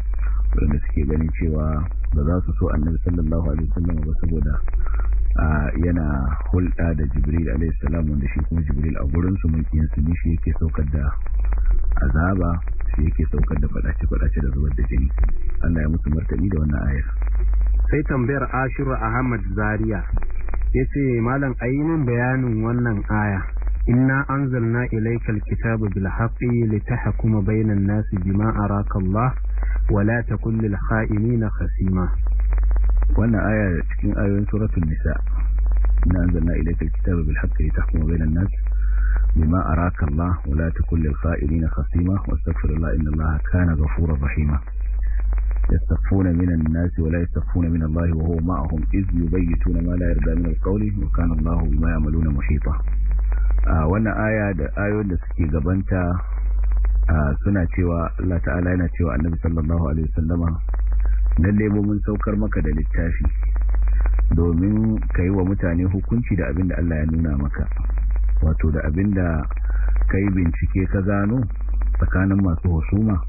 waɗanda suke ganin cewa ba za su so annabi sallallahu alaihi wasallam ba saboda yana hulɗa da jibril alaihissalam wanda shi kuma jibril a gurinsu mulkiyinsu ne shi yake saukar da azaba shi yake saukar da faɗace-faɗace da zubar da jini allah ya mutu martani da wannan ayar sai tambayar ashiru ahmad zaria ya ce malam ainihin bayanin wannan aya inna anzalna ilaikal kitaba bil haqqi litahkuma bainan nasi bima araka wala ta kulli takun na khasima wannan aya cikin ayoyin suratul nisa inna anzalna ilayka alkitaba bil haqqi litahkuma bainan nas bima araka Allah wa la takun lil kha'inina khasima wastaghfirullah inna Allah kana ghafurur rahima yastaghfuna minan nas wa la yastaghfuna min Allah wa huwa ma'ahum iz yubayituna ma la yarda min alqawli wa kana Allah bima ya'maluna muhita ah, wannan aya da ayoyin da suke gabanta ah, suna cewa Allah ta'ala yana cewa Annabi sallallahu alaihi wasallama lalle mun saukar maka da littafi domin ka yi wa mutane hukunci da abin da Allah ya nuna maka wato da abin da ka bincike ka gano tsakanin masu husuma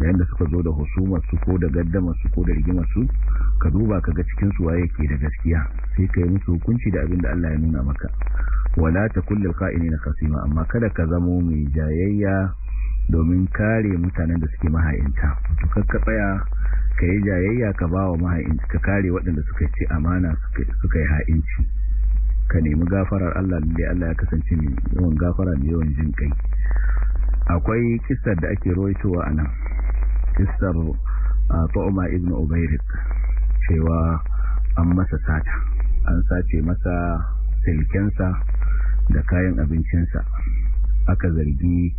yayin da suka zo da husumarsu ko da gaddamarsu ko da su ka duba ka ga su waye ke da gaskiya sai ka yi musu hukunci da abin da Allah ya nuna maka wala ta kullu ka'ini na kasima amma kada ka zamo mai jayayya domin kare mutanen da suke maha'inta to kakka tsaya ka yi jayayya ka ba wa maha'inci ka kare waɗanda suka ce amana suka yi ha'inci ka nemi gafarar Allah da Allah ya kasance mai yawan gafara da yawan jin kai akwai kistar da ake rawaitowa a nan kistar ta'uma izin obairik cewa an masa sata an sace masa silkensa da kayan abincinsa aka zargi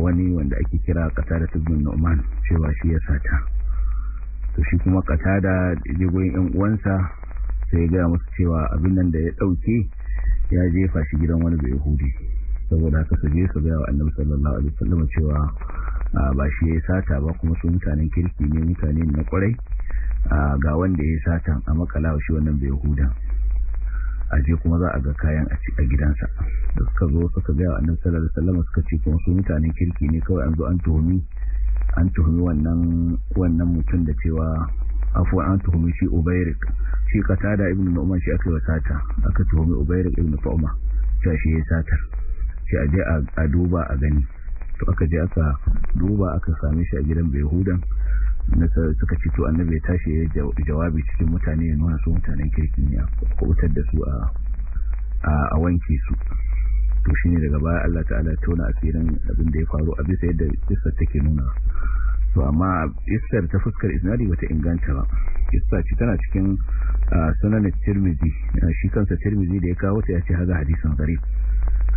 wani wanda ake kira ƙasa da tubbin na'uman cewa shi ya sata to shi kuma katada je gurin yan uwansa sai ya gaya musu cewa abin nan da ya dauke ya jefa shi gidan wani bai yahudi saboda haka su je su gaya annabi sallallahu alaihi wasallam cewa ba shi ya sata ba kuma su mutanen kirki ne mutane na kwarai ga wanda ya sata a makala shi wannan yahudan aje kuma za a ga kayan a gidansa da suka zo suka gaya annabi sallallahu alaihi wasallam suka ce kuma su mutanen kirki ne kawai an zo an tuhumi an tuhumi wannan wannan mutum da cewa afuwa an tuhumi shi ubairik shi da ibn umar shi aka wasata aka tuhumi ubairik ibn fa'uma cewa shi ya satar shi aje a duba a gani to aka je aka duba aka same shi a gidan bayhudan na suka ci to annabi ya tashi ya jawabi cikin mutane ya nuna su mutanen kirki ne a kubutar da su a wanke su to ne daga baya Allah ta'ala ya tona asirin abin da ya faru a bisa yadda kissa take nuna to amma istar ta fuskar isnadi bata inganta ba kissa ci tana cikin sunan tirmizi shi kansa tirmizi da ya kawo ta ya ce haza hadisin garib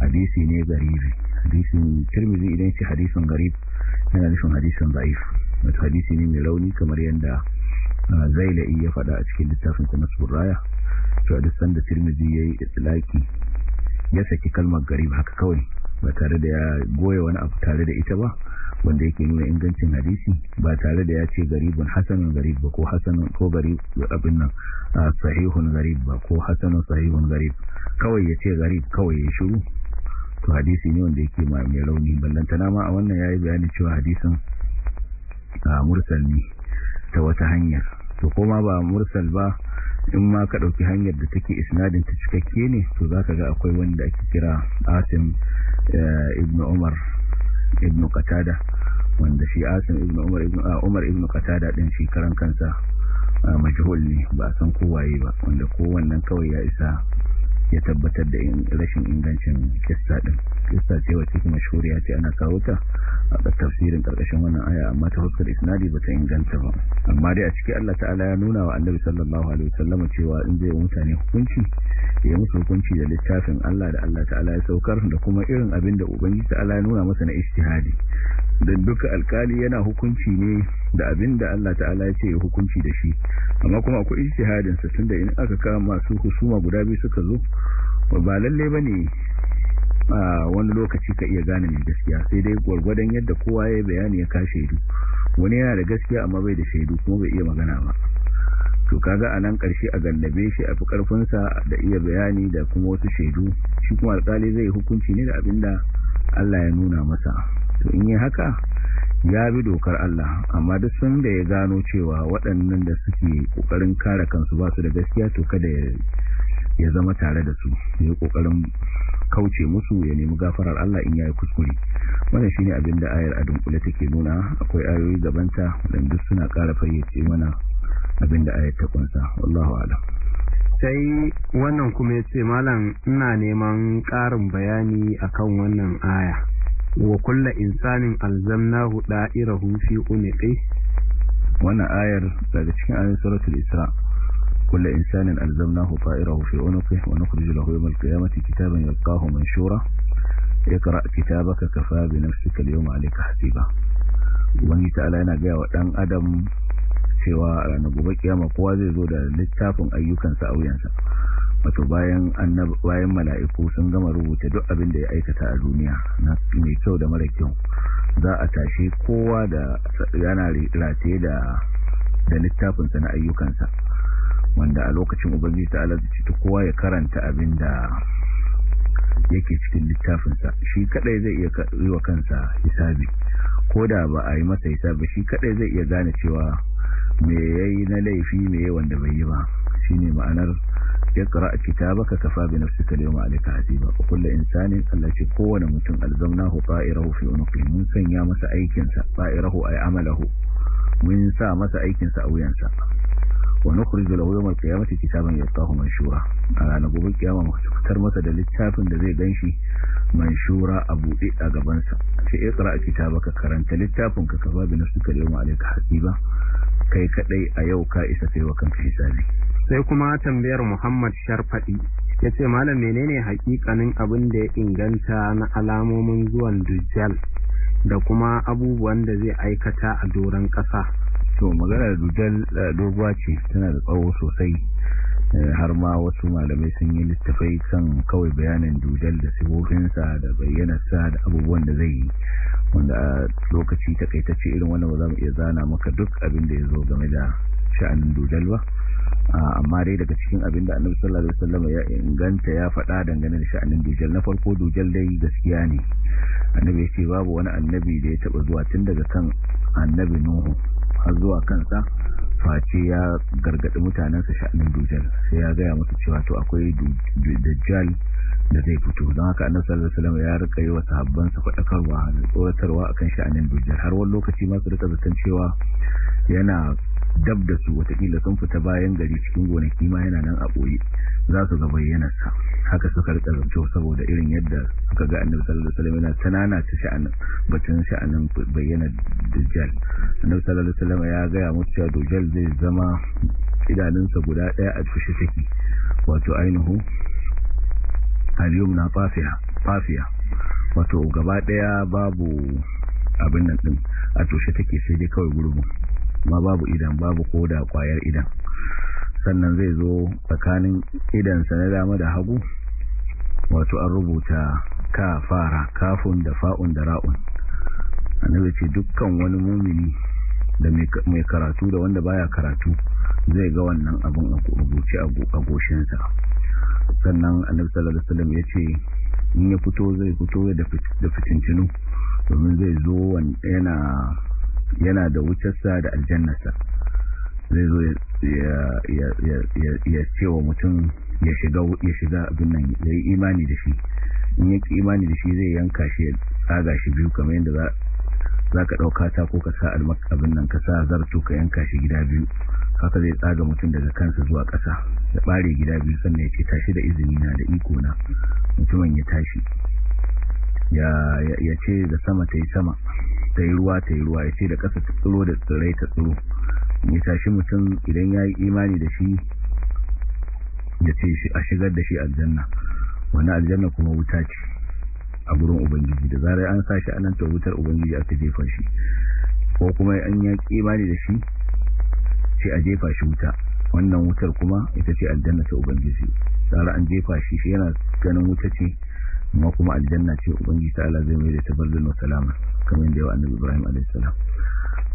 hadisi ne garibi hadisin tirmizi idan ce hadisin garib yana nufin hadisin za'if wata hadisi ne mai launi kamar yadda la'i ya faɗa a cikin littafin kuma tsuraya to a duk sanda tirmizi ya yi itilaki ya saki kalmar ba haka kawai ba tare da ya goya wani abu tare da ita ba wanda yake nuna ingancin hadisi ba tare da ya ce garibun hasanun garib ba ko hasanun ko abin nan sahihun garib ba ko hasanun sahihun garib kawai ya ce garib kawai ya shiru to hadisi ne wanda yake ma mai rauni ballantana ma a wannan yi bayani cewa hadisin mursal ne ta wata hanyar to koma ba mursal ba in ma ka ɗauki hanyar da take isnadin ta cikakke ne to za ka ga akwai wanda ake kira asim eh, ibn umar ibn qatada wanda shi asim ibn umar ibn ah, umar ibn qatada din shi karan kansa ah, majhul ne ba san kowaye ba wanda kowannan kawai ya isa ya tabbatar da rashin ingancin kissa din kista ce wacce kuma ya ce ana kawo ta a tafsirin karkashin wannan aya amma ta huskar isnadi ba ta inganta ba amma dai a ciki Allah ta'ala ya nuna wa annabi sallallahu alaihi wasallam cewa in zai yi mutane hukunci ya musu hukunci da littafin Allah da Allah ta'ala ya saukar da kuma irin abin da ubangiji ta'ala ya nuna masa na ijtihadi dan duka alkali yana hukunci ne da abin da Allah ta'ala ya ce ya hukunci da shi amma kuma akwai ijtihadin sa da in aka kama masu husuma guda biyu suka zo ba lalle bane wani lokaci ka iya gane mai gaskiya sai dai gwargwadon yadda kowa ya bayani ya ka shaidu wani yana da gaskiya amma bai da shaidu kuma bai iya magana ba to kaga a nan karshe a gallabe shi a fi karfinsa da iya bayani da kuma wasu shaidu shi kuma alkali zai hukunci ne da abin da Allah ya nuna masa to in yi haka ya bi dokar Allah amma duk sun da ya gano cewa waɗannan da suke ƙoƙarin kare kansu ba su da gaskiya to kada ya zama tare da su ya yi ƙoƙarin kauce musu ya nemi gafarar Allah in yayi kuskure wannan shine abin da ayar adunkule take nuna akwai ayoyi gabanta wanda suna ƙara fayyace mana abin da ayar ta kunsa wallahu a'lam sai wannan kuma yace malam ina neman ƙarin bayani akan wannan aya wa kullu insanin alzamnahu da'irahu fi uniqi wannan ayar daga cikin ayoyin suratul isra' كل إنسان ألزمناه طائره في عنقه ونخرج له يوم القيامة كتابا يلقاه منشورا اقرأ كتابك كفى بنفسك اليوم عليك حسيبا wani ta'ala yana gaya wa ɗan adam cewa ranar gobe kiyama kowa zai zo da littafin ayyukansa a wuyansa wato bayan bayan mala'iku sun gama rubuta duk abin da ya aikata a duniya na mai kyau da mara kyau za a tashi kowa da yana rataye da da littafinsa na ayyukansa wanda a lokacin ubangiji ta alaƙa ce kowa ya karanta abin da yake cikin littafinsa shi kadai zai iya yi wa kansa hisabi ko da ba a yi masa hisabi shi kadai zai iya gane cewa me yayi na laifi me yawan wanda bai yi ba shine ma'anar iqra kitabaka kafa bi nafsika al-yawma alayka hasiba kullu insanin allati kowane mutum alzamnahu ta'irahu fi unqi mun sanya masa aikin sa ay amalahu mun sa masa aikinsa a wuyansa wa nukhrij lahu yawm al-qiyamati kitaban yalqahu manshura a ranar gobe kiyama mu fitar masa da littafin da zai gan shi manshura a buɗe a gabansa? ya tsara a kitaba ka karanta littafin ka kafa bi nafsika ka haɗi ba kai kaɗai a yau ka isa kai wa kanka sami sai kuma tambayar Muhammad ya ce malam menene hakikanin abin da ya inganta na alamomin zuwan dujjal da kuma abubuwan da zai aikata a doron ƙasa to magana dujal doguwa ce tana da tsawo sosai eh, har ma wasu malamai sun yi littafai kan kawai bayanin dujal da sifofinsa da bayyanarsa da abubuwan da zai yi wanda a lokaci takaitacce irin wannan ba za mu iya zana maka duk abin da ya zo game da sha'anin dujal ba amma dai daga cikin abin da annabi sallallahu alaihi wasallam ya inganta ya faɗa dangane da sha'anin dujal na farko dujal dai gaskiya ne annabi ya ce babu wani annabi da ya taba zuwa tun daga kan annabi nuhu har zuwa kansa face ya gargadi mutanensa sha'anin dujjal sai ya gaya musu cewa to akwai dujjal da zai fito don haka annabi sallallahu alaihi wasallam ya rika yi wa sahabbansa fadakarwa da tsoratarwa akan sha'anin dujjal har wani lokaci ma su rika zaton cewa yana dab da su watakila sun fita bayan gari cikin gonaki ma yana nan a ɓoye za su ga sa haka suka rika zanto saboda irin yadda suka ga annabi sallallahu alaihi wasallam yana tanana ta sha'anin batun sha'anin bayyanar dajjal annabi sallallahu alaihi wasallam ya ga ya mutu cewa dajjal zai zama idanunsa guda daya a fushi take wato ainihu al-yumna fafiya wato gaba daya babu abin nan din a tushe take sai dai kawai gurbin ma babu idan babu koda kwayar idan sannan zai zo tsakanin idansa na dama da hagu wato an rubuta ka fara kafin da fa'un da ra'un annabi ce dukkan wani mumini da mai karatu da wanda baya karatu zai ga wannan abin a rubuce a goshinsa sannan annabi sallallahu alaihi wasallam ya in ya fito zai fito da fitincinu domin zai zo yana yana da wucarsa da aljannarsa zai zo ya ce wa mutum ya shiga abin nan ya yi imani da shi in yake imani da shi zai yanka shi ya tsaga shi biyu kamar yadda za ka ɗauka ta ko ka sa abin nan ka sa zartu ka yanka shi gida biyu haka zai tsaga mutum daga kansa zuwa ƙasa ya ɓare gida biyu sannan ya ce tashi da izini na da iko na mutumin ya tashi ya ce da sama ta yi sama ta yi ruwa ta yi ruwa ya ce da ƙasa ta tsiro da tsirrai ta tsiro ya tashi mutum idan ya yi imani da shi ya ce a shigar da shi aljanna wani aljanna kuma wuta ce a gurin ubangiji da zarar an sa shi anan ta wutar ubangiji aka jefa shi ko kuma an yi imani da shi ce a jefa shi wuta wannan wutar kuma ita ce aljanna ta ubangiji tsara an jefa shi shi yana ganin wuta ce amma kuma aljanna ce ubangiji allah zai mai da tabbalin wa salama kamar da yawa annabi ibrahim alaihi salam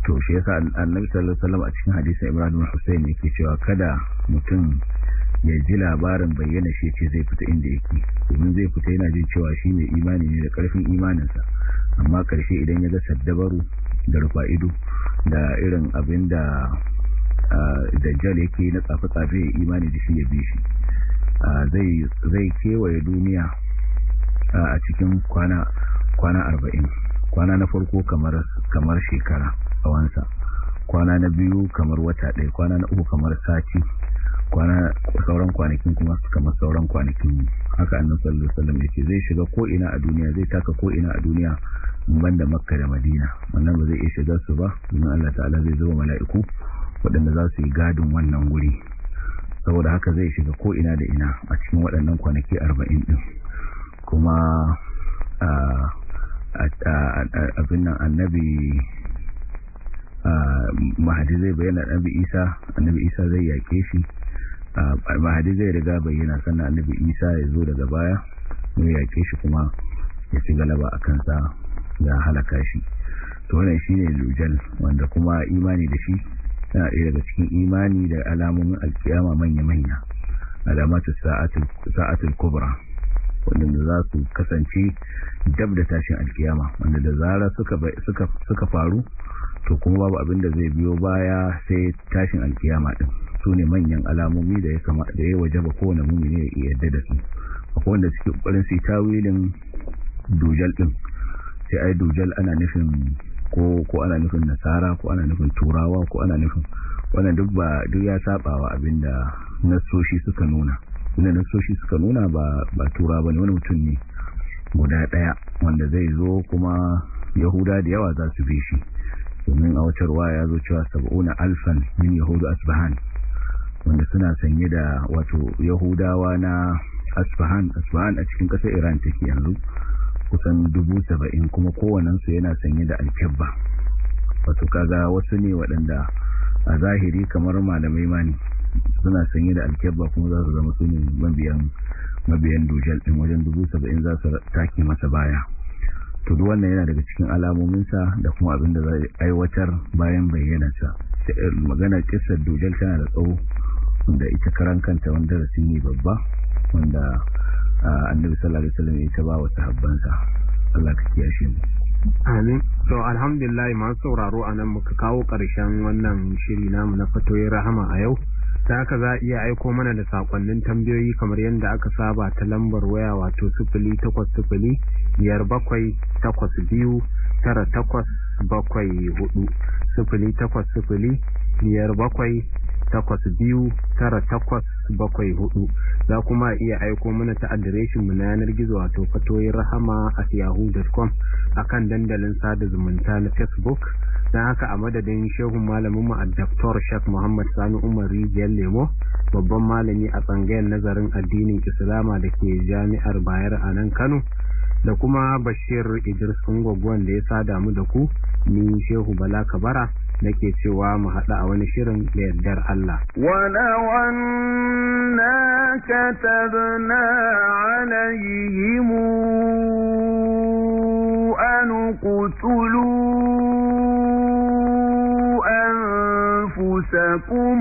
to shi yasa annabi sallallahu alaihi wasallam a cikin hadisin ibrahim bin husayn yake cewa kada mutum ya ji labarin bayyana shi ce zai fita inda yake domin zai fita yana jin cewa shi mai imani ne da karfin imaninsa amma karshe idan ya ga saddabaru da rufa ido da irin abin da dajjal yake na tsafe-tsafe ya imani da shi ya bi shi zai kewaye duniya a cikin kwana kwana arba'in kwana na farko kamar kamar shekara awansa kwana na biyu kamar wata ɗaya kwana na uku kamar sati kwana sauran kwanakin kuma kamar sauran kwanakin haka annabi sallallahu alaihi wasallam zai shiga ko ina a duniya zai taka ko ina a duniya banda makka da madina wannan ba zai iya shiga su ba domin Allah ta'ala zai zuba mala'iku waɗanda za su yi gadin wannan wuri saboda haka zai shiga ko ina da ina a cikin waɗannan kwanaki arba'in ɗin kuma abin nan annabi mahadi zai bayyana annabi isa annabi isa zai yake shi mahadi zai riga bayyana sannan annabi isa ya zo daga baya ya yake shi kuma ya ci galaba a kansa ya halaka shi to wannan shine lujal wanda kuma imani da shi yana ɗaya daga cikin imani da alamomin alkiyama manya-manya alamatu sa'atul kubra waɗanda za su kasance dab da tashin alkiyama wanda da zara suka faru to kuma babu abin da zai biyo baya sai tashin alkiyama din su ne manyan alamomi da ya kama da ya wajaba kowane ne ya yadda da su akwai wanda suke ƙoƙarin su tawilin dujal din sai ai dujal ana nufin ko ko ana nufin nasara ko ana nufin turawa ko ana nufin wannan duk ba duk ya abin abinda nasoshi suka nuna inda nasoshi suka nuna ba tura ba ne wani mutum ne guda daya wanda zai zo kuma yahuda da yawa za su bi shi domin a wacce ruwa ya zo cewa saba'una alfan min yahudu asbahan wanda suna sanye da wato yahudawa na asbahan asbahan a cikin ƙasa iran take yanzu kusan dubu saba'in kuma kowanensu yana sanye da alkyabba wato kaga wasu ne waɗanda a zahiri kamar malamai mani suna sanye da alkebba kuma za su zama su ne mabiyan mabiyan dujal din wajen dubu saba'in za su take masa baya to duk wannan yana daga cikin alamominsa da kuma abin da za a aiwatar bayan bayyanarsa eh, magana kisar dujal tana da tsawo wanda ita karan kanta wanda da sun yi babba wanda annabi sallallahu alaihi wasallam ya ta ba wa sahabbansa Allah ka kiyashe mu Amin. to alhamdulillah masu sauraro a nan muka kawo ƙarshen wannan shiri namu na fatoyin rahama a yau, ta haka za a iya aiko mana da sakonnin tambayoyi kamar yadda aka saba ta lambar waya wato sifili takwas sifili biyar bakwai takwas biyu tara takwas bakwai hudu takwas biyar bakwai takwas biyu tara takwas bakwai hudu za kuma iya aiko mana ta adireshin mu na yanar gizo wato fatoyin rahama at yahoo.com kan dandalin sada zumunta na facebook don haka a madadin shehun malamin mu addaktor shak muhammad sani umar rijiyar lemo babban malami a tsangayar nazarin addinin islama da ke jami'ar bayar a nan kano da kuma bashir idris ungwagwan da ya sa damu da ku ni shehu bala kabara nake cewa mu hada a wani shirin da yardar Allah walau wanna katabna alaihim an qutulu anfusakum